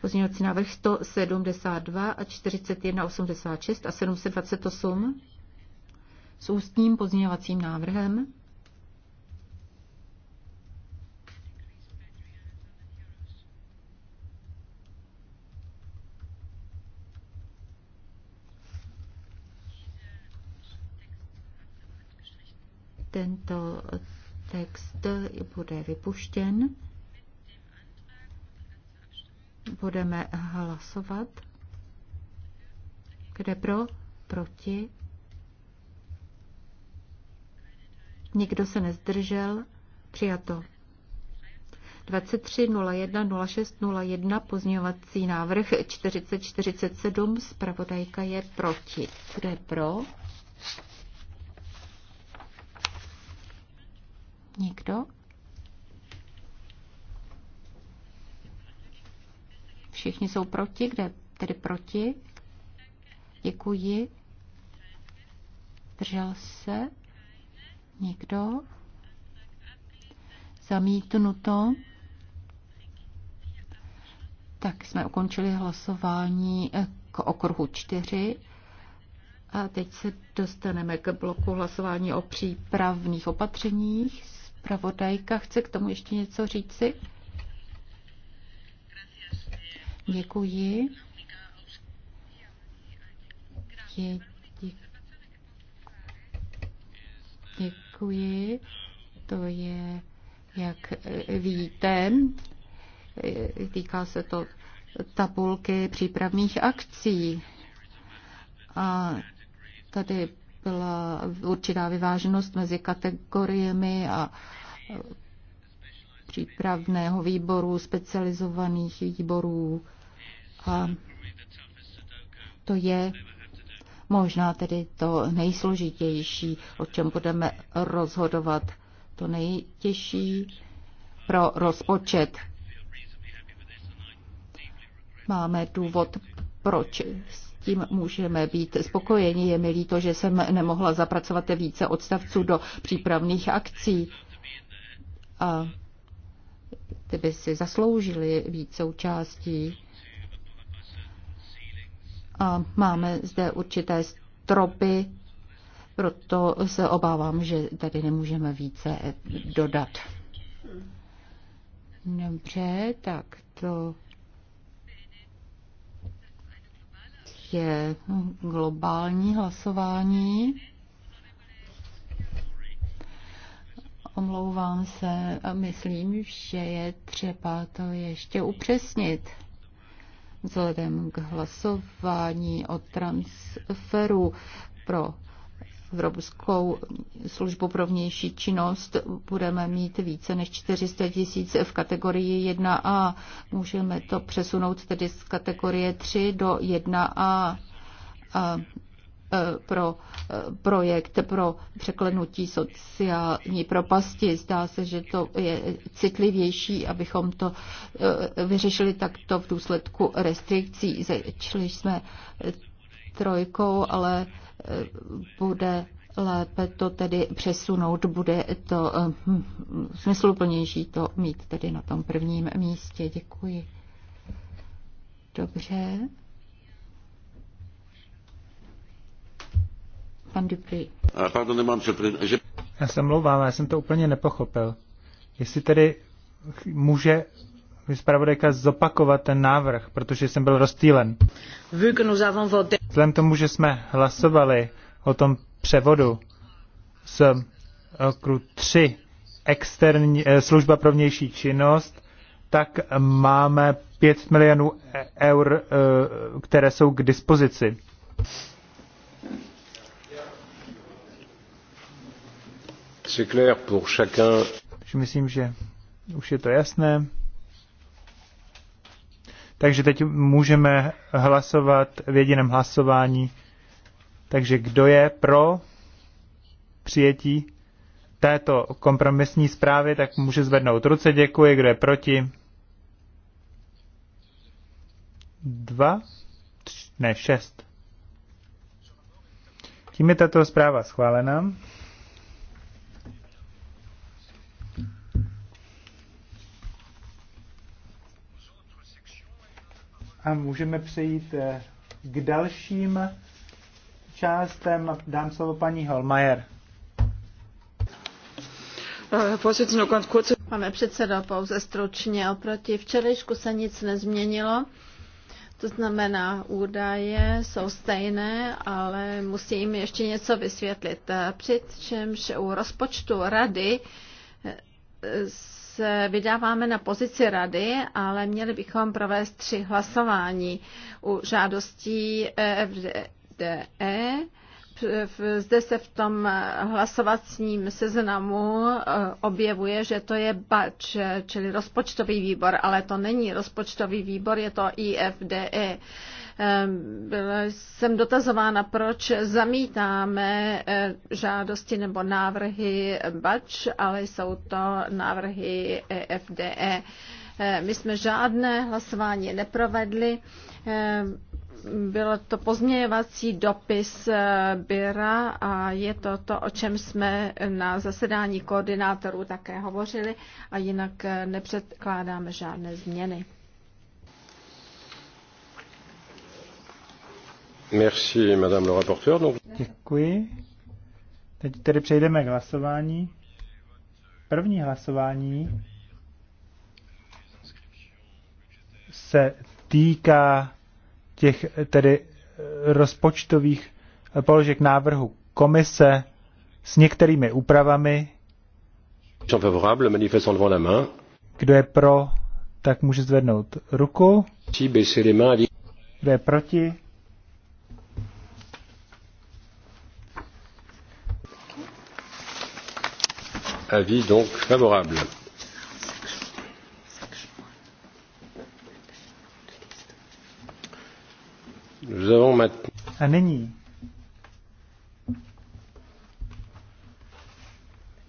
Pozměňovací návrh 172 a 41, 86 a 728 s ústním pozměňovacím návrhem. Tento text bude vypuštěn. Budeme hlasovat. Kde pro? Proti? Nikdo se nezdržel. Přijato. 23.01.06.01 pozměňovací návrh 4047. Spravodajka je proti. Kde pro? Nikdo? Všichni jsou proti, kde tedy proti? Děkuji. Držel se? Nikdo? Zamítnuto. Tak jsme ukončili hlasování eh, k okruhu 4. A teď se dostaneme k bloku hlasování o přípravných opatřeních. Pravodajka chce k tomu ještě něco říci? Děkuji. Dě, dě, děkuji. To je, jak víte, týká se to tabulky přípravných akcí. A tady byla určitá vyváženost mezi kategoriemi a přípravného výboru, specializovaných výborů. A to je možná tedy to nejsložitější, o čem budeme rozhodovat, to nejtěžší pro rozpočet. Máme důvod, proč tím můžeme být spokojeni. Je mi líto, že jsem nemohla zapracovat více odstavců do přípravných akcí. A ty by si zasloužili více součástí. A máme zde určité stropy, proto se obávám, že tady nemůžeme více dodat. Dobře, tak to je globální hlasování. Omlouvám se, myslím, že je třeba to ještě upřesnit. Vzhledem k hlasování o transferu pro Evropskou službu pro vnější činnost budeme mít více než 400 tisíc v kategorii 1A. Můžeme to přesunout tedy z kategorie 3 do 1A a, a e, pro e, projekt pro překlenutí sociální propasti. Zdá se, že to je citlivější, abychom to e, vyřešili takto v důsledku restrikcí. Začali jsme trojkou, ale bude lépe to tedy přesunout, bude to hm, smysluplnější to mít tedy na tom prvním místě. Děkuji. Dobře. Pan Dupri. Pardon, nemám že... Já se mluvám, já jsem to úplně nepochopil. Jestli tedy může zpravodajka zopakovat ten návrh, protože jsem byl rozstýlen. Vzhledem tomu, že jsme hlasovali o tom převodu z okru 3 externí, eh, služba pro vnější činnost, tak máme 5 milionů e- eur, eh, které jsou k dispozici. Clair pour chacun. Je Myslím, že už je to jasné. Takže teď můžeme hlasovat v jediném hlasování. Takže kdo je pro přijetí této kompromisní zprávy, tak může zvednout ruce. Děkuji. Kdo je proti? Dva? Tři, ne, šest. Tím je tato zpráva schválena. A můžeme přejít eh, k dalším částem. Dám slovo paní Holmajer. Pane předsedo, pouze stručně. Oproti včerejšku se nic nezměnilo. To znamená, údaje jsou stejné, ale musím ještě něco vysvětlit. Přičemž u rozpočtu rady eh, se vydáváme na pozici rady, ale měli bychom provést tři hlasování u žádostí FDE. E, zde se v tom hlasovacím seznamu eh, objevuje, že to je BAČ, čili rozpočtový výbor, ale to není rozpočtový výbor, je to IFDE. Ehm, byla jsem dotazována, proč zamítáme eh, žádosti nebo návrhy BAČ, ale jsou to návrhy FDE. E. Ehm, my jsme žádné hlasování neprovedli. Ehm, byl to pozměňovací dopis eh, Byra a je to to, o čem jsme na zasedání koordinátorů také hovořili a jinak eh, nepředkládáme žádné změny. Merci, madame le rapporteur. Donc... Děkuji. Teď tedy přejdeme k hlasování. První hlasování se týká těch tedy eh, rozpočtových eh, položek návrhu komise s některými úpravami. Kdo je pro, tak může zvednout ruku. Kdo je proti, Avis donc favorable. Nous avons maintenant. A nyní.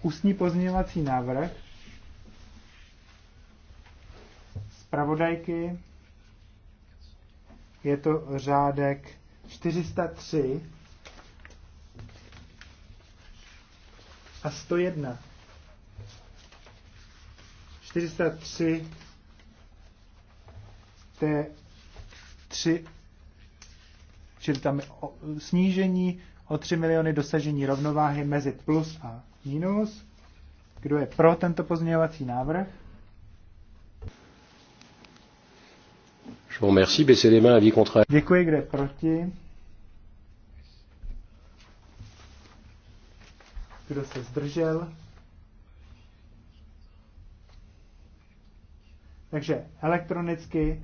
Ústní pozměňovací návrh zpravodajky. Je to řádek 403 a 101. 403 T3, čili tam o, snížení o 3 miliony dosažení rovnováhy mezi plus a minus. Kdo je pro tento pozměňovací návrh? Je vous remercie, baissez les mains, avis contraire. Děkuji, kde proti. Kdo se zdržel? Takže elektronicky.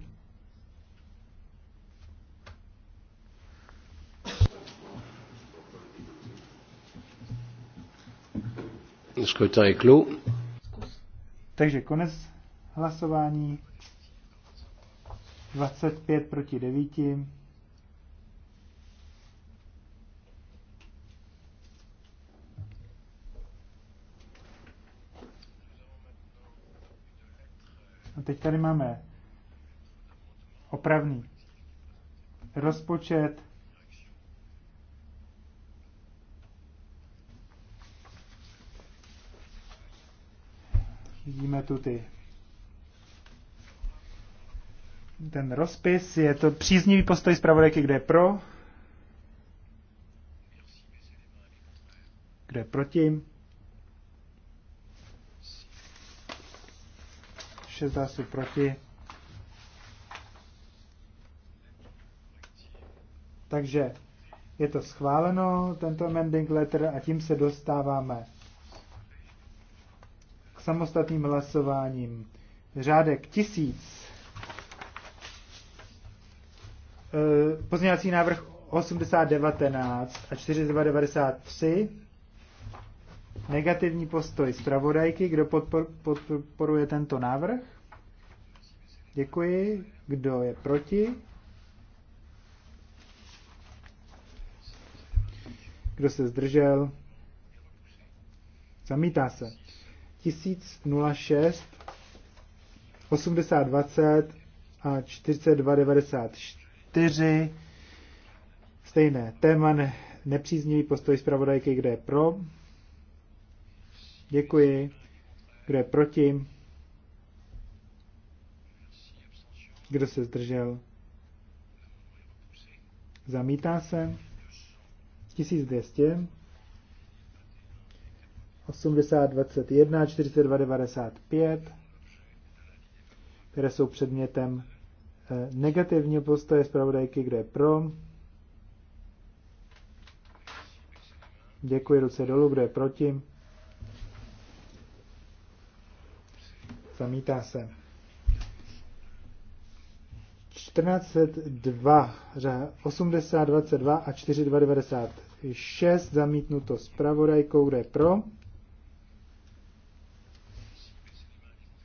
Scrutin je clos. Takže konec hlasování. 25 proti 9. Teď tady máme opravný rozpočet. Vidíme tu ty ten rozpis, je to příznivý postoj zpravodajky, kde je pro, kde je proti. 6 hlasů proti. Takže je to schváleno, tento amending letter, a tím se dostáváme k samostatným hlasováním. Řádek tisíc. E, pozměňovací návrh 8019 a 4293 Negativní postoj zpravodajky. Kdo podpor, podporuje tento návrh? Děkuji. Kdo je proti? Kdo se zdržel? Zamítá se. 1006, 8020 a 4294. Stejné téma, ne, nepříznivý postoj zpravodajky, kde je pro, Děkuji. Kdo je proti? Kdo se zdržel? Zamítá se. 1200. 80, 21, 42, 95, které jsou předmětem eh, negativního postoje zpravodajky, kde je pro. Děkuji ruce dolů, kde je proti. zamítá se. 1402, a 4296 zamítnuto s pravodajkou, kde je pro.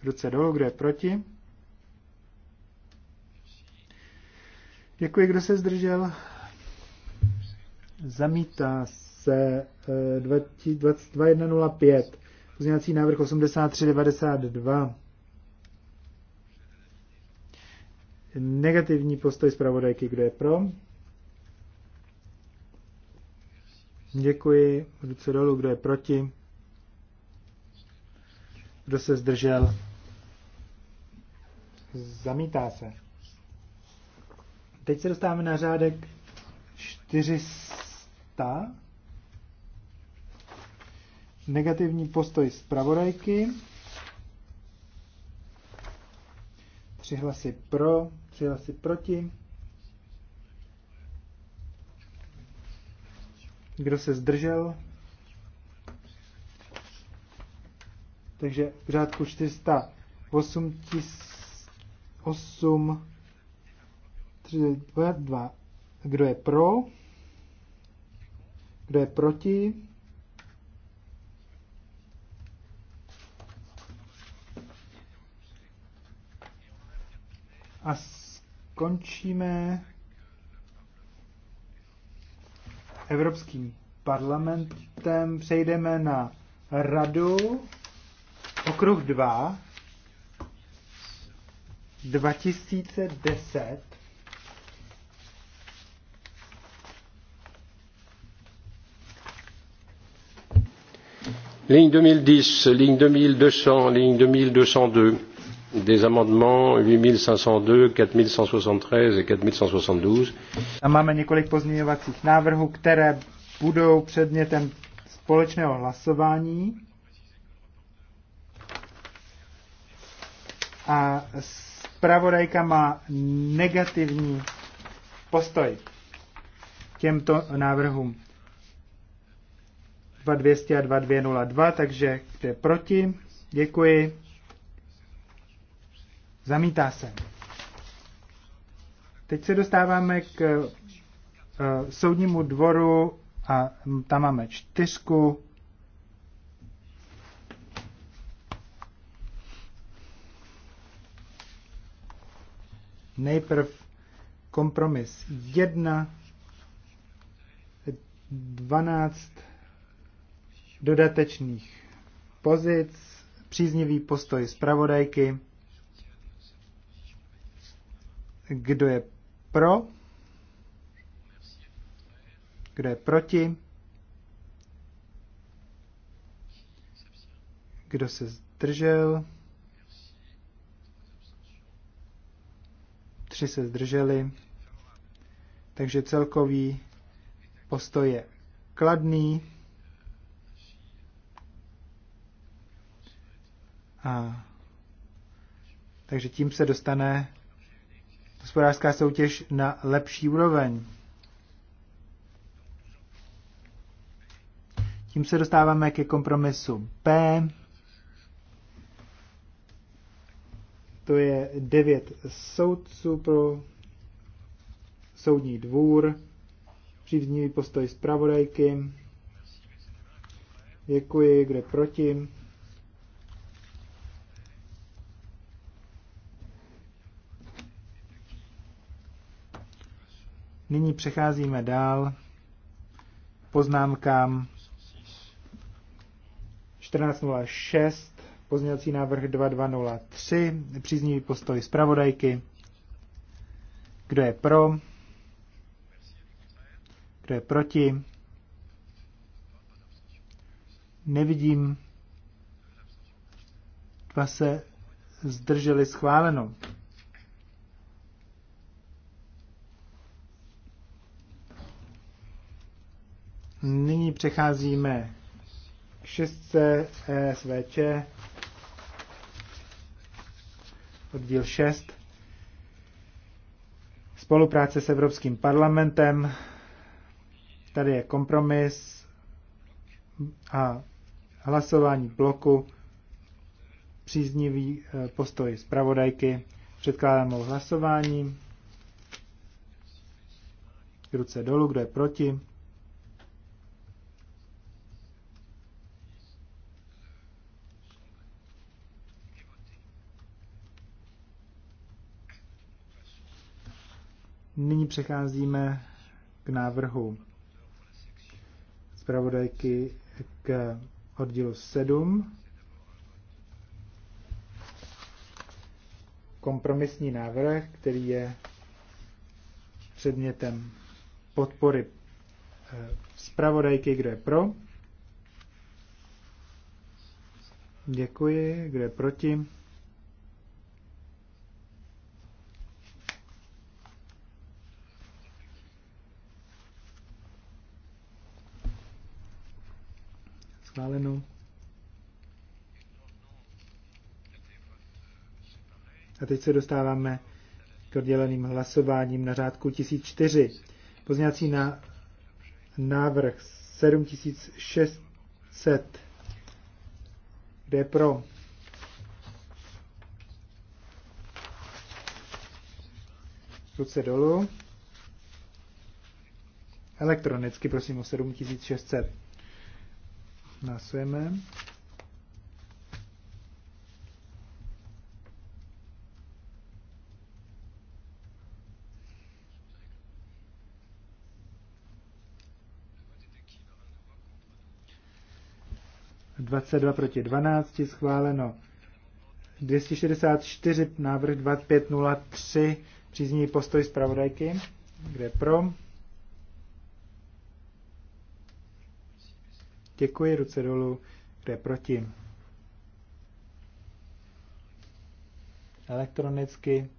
Ruce dolů, kde je proti. Děkuji, kdo se zdržel. Zamítá se 2105. Eh, Pozměňovací návrh 8392. negativní postoj zpravodajky, kdo je pro. Děkuji. Ruce dolů, kdo je proti. Kdo se zdržel? Zamítá se. Teď se dostáváme na řádek 400. Negativní postoj zpravodajky. tři hlasy pro, tři hlasy proti. Kdo se zdržel? Takže v řádku 408 8 3, 2, 2. Kdo je pro? Kdo je proti? A skončíme Evropským parlamentem, přejdeme na radu okruh 2 2010 Ligne 2010, ligne 2200, ligne 2202 des amendements 8502, 4173 et 4172. A máme několik návrhů, které budou předmětem společného hlasování. A zpravodajka má negativní postoj těmto návrhům. 2200 a 2202, takže kde proti? Děkuji. Zamítá se. Teď se dostáváme k eh, soudnímu dvoru a tam máme čtyřku. Nejprv kompromis 1, 12 dodatečných pozic, příznivý postoj zpravodajky. Kdo je pro? Kdo je proti? Kdo se zdržel? Tři se zdrželi. Takže celkový postoj je kladný. A, takže tím se dostane hospodářská soutěž na lepší úroveň. Tím se dostáváme ke kompromisu P. To je 9 soudců pro soudní dvůr, příznivý postoj zpravodajky. Děkuji, kde proti. Nyní přecházíme dál poznámkám 1406, pozměňovací návrh 2203, příznivý postoj zpravodajky. Kdo je pro? Kdo je proti? Nevidím. Dva se zdrželi schváleno. Nyní přecházíme k šestce ESVČ, oddíl 6, spolupráce s Evropským parlamentem. Tady je kompromis a hlasování bloku, příznivý eh, postoj zpravodajky, předkládanou hlasování. Ruce dolů, kdo je proti. Nyní přecházíme k návrhu zpravodajky k oddílu 7. Kompromisní návrh, který je předmětem podpory eh, zpravodajky, kdo je pro. Děkuji, kdo je proti. Schváleno. A teď se dostáváme k odděleným hlasováním na řádku 1004. Pozněcí na návrh 7600. Kde je pro? Ruce dolů. Elektronicky prosím o 7600 na Dvacet dva proti 12 schváleno. 264 návrh 2503 příznivý postoj zpravodajky. Kde pro? Děkuji, ruce dolů, kde proti. Elektronicky.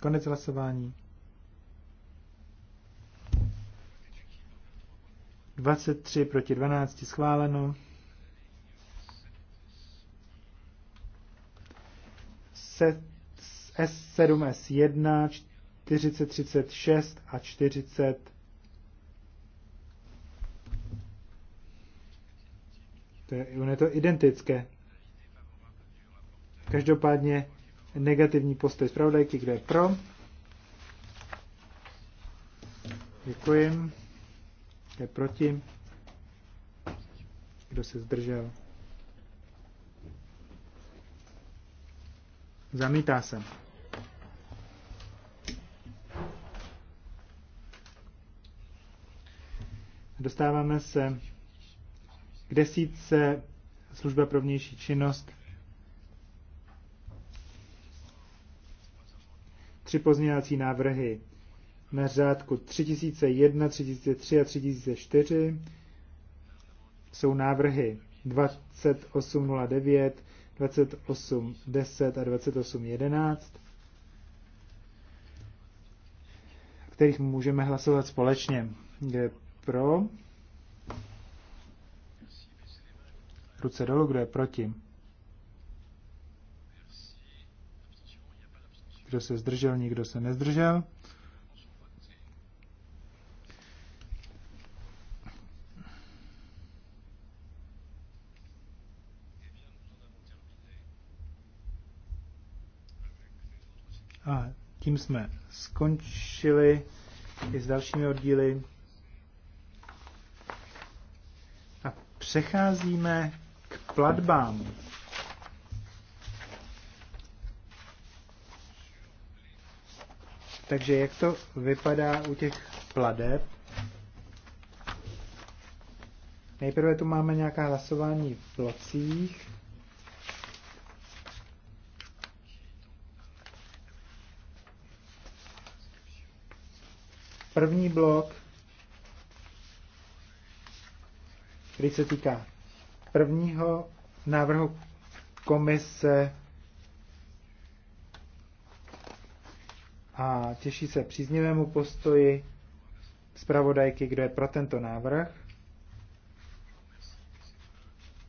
Konec hlasování. 23 proti 12 schváleno. S7, S1, 4036 a 40 To je, ono je to identické. Každopádně negativní postoj zpravodajky, kde je pro. Děkuji. Kde je proti. Kdo se zdržel? Zamítá se. Dostáváme se k desítce služba pro vnější činnost. Tři pozměňovací návrhy na řádku 3001, 3003 a 3004 jsou návrhy 2809, 28.10 a 28.11, kterých můžeme hlasovat společně. Kdo je pro? Ruce dolů, kdo je proti? Kdo se zdržel, nikdo se nezdržel. Tím jsme skončili i s dalšími oddíly. A přecházíme k platbám. Takže jak to vypadá u těch pladeb? Nejprve tu máme nějaká hlasování v blocích. První blok, který se týká prvního návrhu komise a těší se příznivému postoji zpravodajky, kdo je pro tento návrh.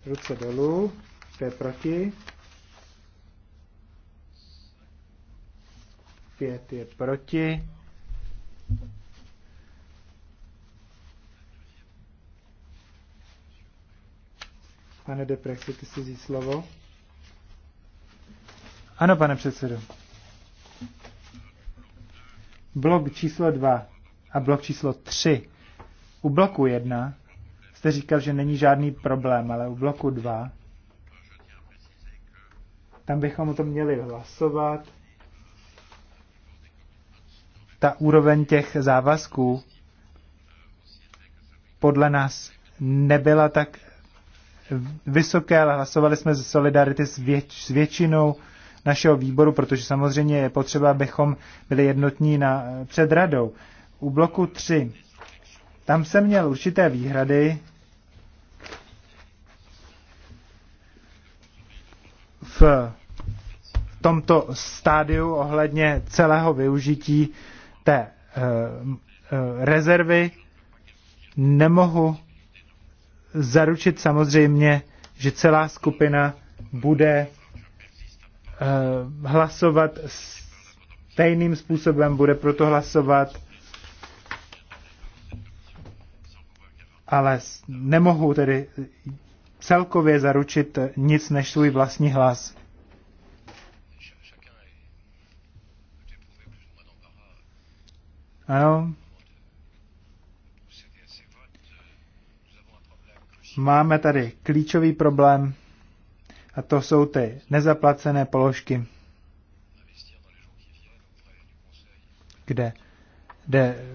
Ruce dolů, kdo je proti. Pět je proti. Pane Deprech, chcete si vzít slovo? Ano, pane předsedo. Blok číslo 2 a blok číslo 3. U bloku 1 jste říkal, že není žádný problém, ale u bloku 2 tam bychom o tom měli hlasovat. Ta úroveň těch závazků podle nás nebyla tak vysoké, ale hlasovali jsme ze solidarity s, věč, s většinou našeho výboru, protože samozřejmě je potřeba, abychom byli jednotní na, před radou. U bloku 3, tam jsem měl určité výhrady v tomto stádiu ohledně celého využití té e, e, rezervy. Nemohu zaručit samozřejmě, že celá skupina bude eh, hlasovat stejným způsobem, bude proto hlasovat, ale nemohu tedy celkově zaručit nic než svůj vlastní hlas. Ano, Máme tady klíčový problém a to jsou ty nezaplacené položky, kde jde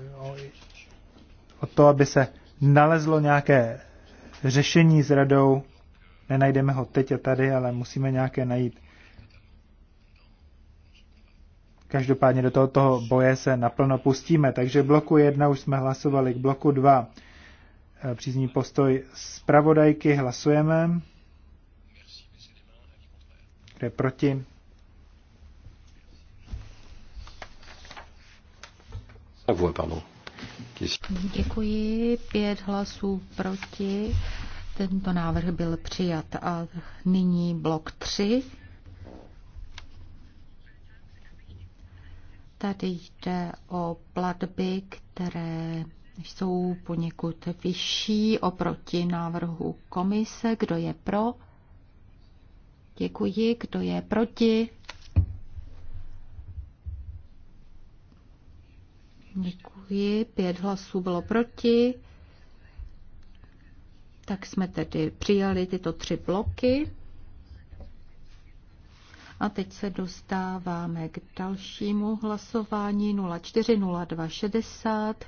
o to, aby se nalezlo nějaké řešení s radou. Nenajdeme ho teď a tady, ale musíme nějaké najít. Každopádně do toho boje se naplno pustíme. Takže bloku 1 už jsme hlasovali, k bloku 2 Eh, přízní postoj zpravodajky. Hlasujeme. Kde je proti? Děkuji. Pět hlasů proti. Tento návrh byl přijat. A nyní blok 3. Tady jde o platby, které jsou poněkud vyšší oproti návrhu komise. Kdo je pro? Děkuji. Kdo je proti? Děkuji. Pět hlasů bylo proti. Tak jsme tedy přijali tyto tři bloky. A teď se dostáváme k dalšímu hlasování 040260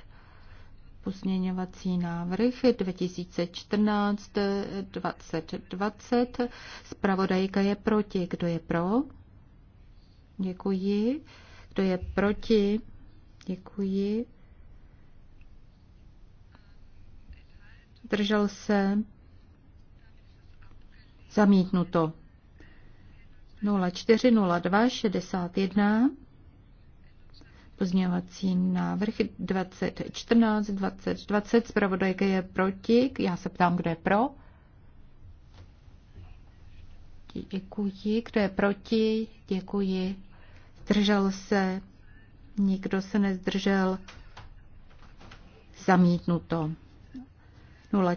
pozměňovací návrh 2014-2020. Spravodajka je proti. Kdo je pro? Děkuji. Kdo je proti? Děkuji. Držel se. Zamítnuto. 0402 61 Pozměňovací návrh 2014, 2020. Zpravodajka je proti. Já se ptám, kdo je pro. Děkuji. Kdo je proti? Děkuji. Zdržel se. Nikdo se nezdržel. Zamítnuto.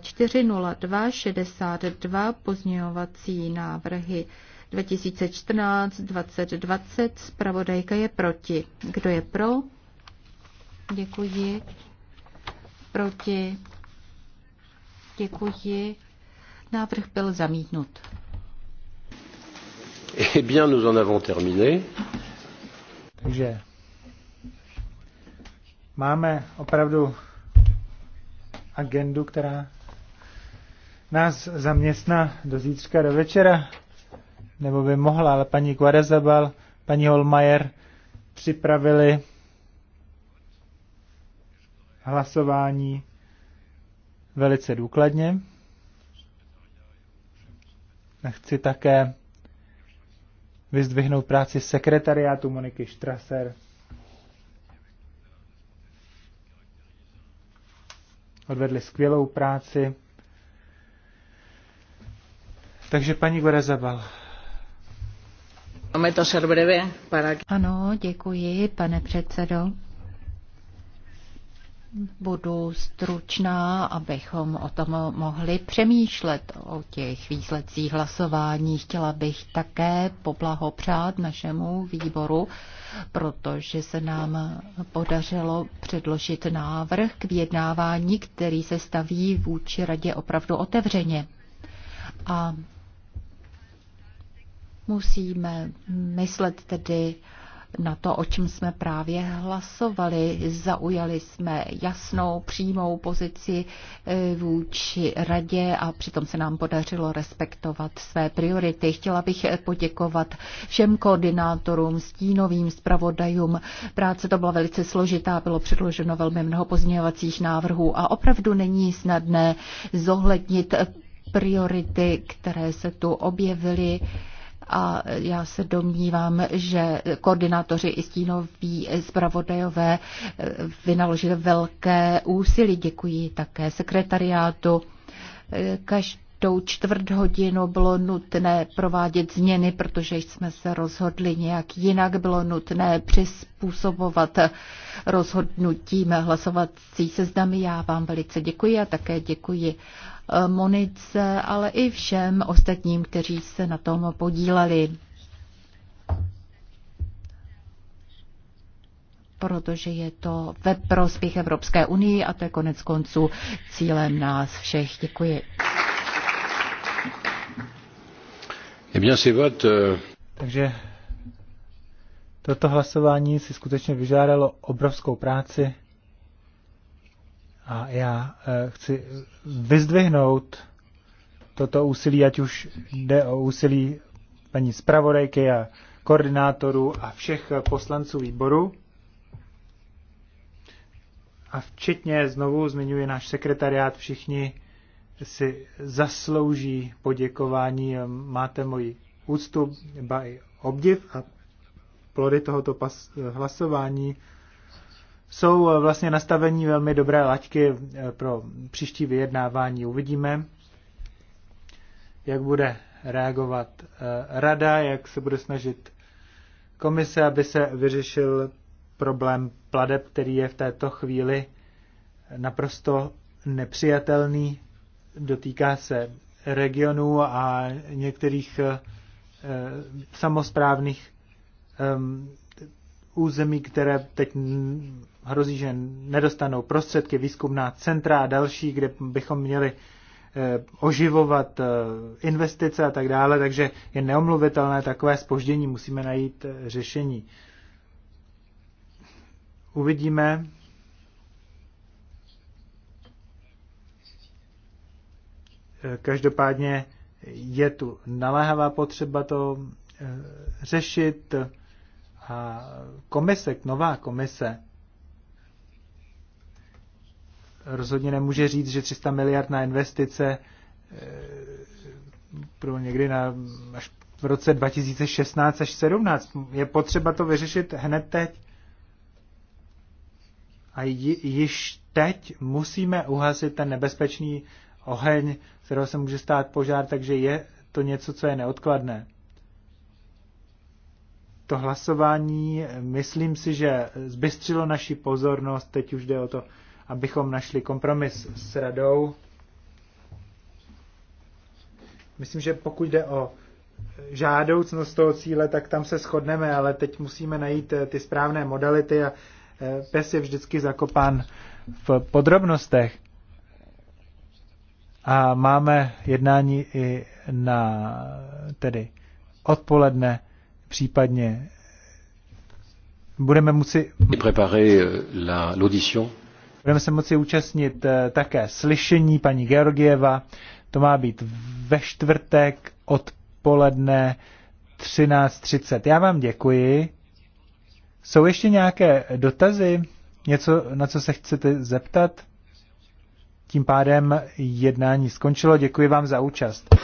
0402 62 pozměňovací návrhy 2014-2020. Spravodajka je proti. Kdo je pro? Děkuji. Proti. Děkuji. Návrh byl zamítnut. Eh bien, nous en avons terminé. Takže máme opravdu agendu, která nás zaměstná do zítřka do večera nebo by mohla, ale paní Guarezabal, paní Holmajer připravili hlasování velice důkladně. A chci také vyzdvihnout práci sekretariátu Moniky Strasser. Odvedli skvělou práci. Takže paní Gorezabal, ano, děkuji, pane předsedo. Budu stručná, abychom o tom mohli přemýšlet, o těch výsledcích hlasování. Chtěla bych také poblahopřát našemu výboru, protože se nám podařilo předložit návrh k vyjednávání, který se staví vůči radě opravdu otevřeně. A Musíme myslet tedy na to, o čem jsme právě hlasovali. Zaujali jsme jasnou, přímou pozici e, vůči radě a přitom se nám podařilo respektovat své priority. Chtěla bych poděkovat všem koordinátorům, stínovým zpravodajům. Práce to byla velice složitá, bylo předloženo velmi mnoho pozměňovacích návrhů a opravdu není snadné zohlednit priority, které se tu objevily a já se domnívám, že koordinátoři i stínoví zpravodajové eh, vynaložili velké úsilí. Děkuji také sekretariátu. Eh, každou čtvrt hodinu bylo nutné provádět změny, protože jsme se rozhodli nějak jinak. Bylo nutné přizpůsobovat rozhodnutím hlasovací seznamy. Já vám velice děkuji a také děkuji Eh, Monice, ale i všem ostatním, kteří se na tom podíleli. protože je to ve prospěch Evropské unii a to je konec konců cílem nás všech. Děkuji. Eh euh, Takže toto hlasování si skutečně vyžádalo obrovskou práci. A já eh, chci vyzdvihnout toto úsilí, ať už jde o úsilí paní zpravodajky a koordinátorů a všech poslanců výboru. A včetně, znovu zmiňuji náš sekretariát, všichni si zaslouží poděkování. Máte moji úctu, ba i obdiv a plody tohoto pas- hlasování jsou eh, vlastně nastavení velmi dobré laťky eh, pro příští vyjednávání. Uvidíme, jak bude reagovat eh, rada, jak se bude snažit komise, aby se vyřešil problém pladeb, který je v této chvíli naprosto nepřijatelný. Dotýká se regionů a některých samozprávných území, které teď hrozí, že nedostanou prostředky, výzkumná centra a další, kde bychom měli eh, oživovat eh, investice a tak dále, takže je neomluvitelné takové spoždění, musíme najít eh, řešení. Uvidíme. Každopádně je tu naléhavá potřeba to řešit a komise, nová komise, rozhodně nemůže říct, že 300 miliard na investice pro eh, někdy na, až v roce 2016 až 17. Je potřeba to vyřešit hned teď. A již teď musíme uhasit ten nebezpečný oheň, kterého se může stát požár, takže je to něco, co je neodkladné. To hlasování, myslím si, že zbystřilo naši pozornost, teď už jde o to abychom našli kompromis s radou. Myslím, že pokud jde o žádoucnost toho cíle, tak tam se shodneme, ale teď musíme najít eh, ty správné modality a eh, pes je vždycky zakopán v podrobnostech. A máme jednání i na tedy odpoledne, případně budeme muci... Eh, Budeme se moci účastnit eh, také slyšení paní Georgieva. To má být ve čtvrtek odpoledne 13.30. Já vám děkuji. Jsou ještě nějaké dotazy? Něco, na co se chcete zeptat? Tím pádem jednání skončilo. Děkuji vám za účast.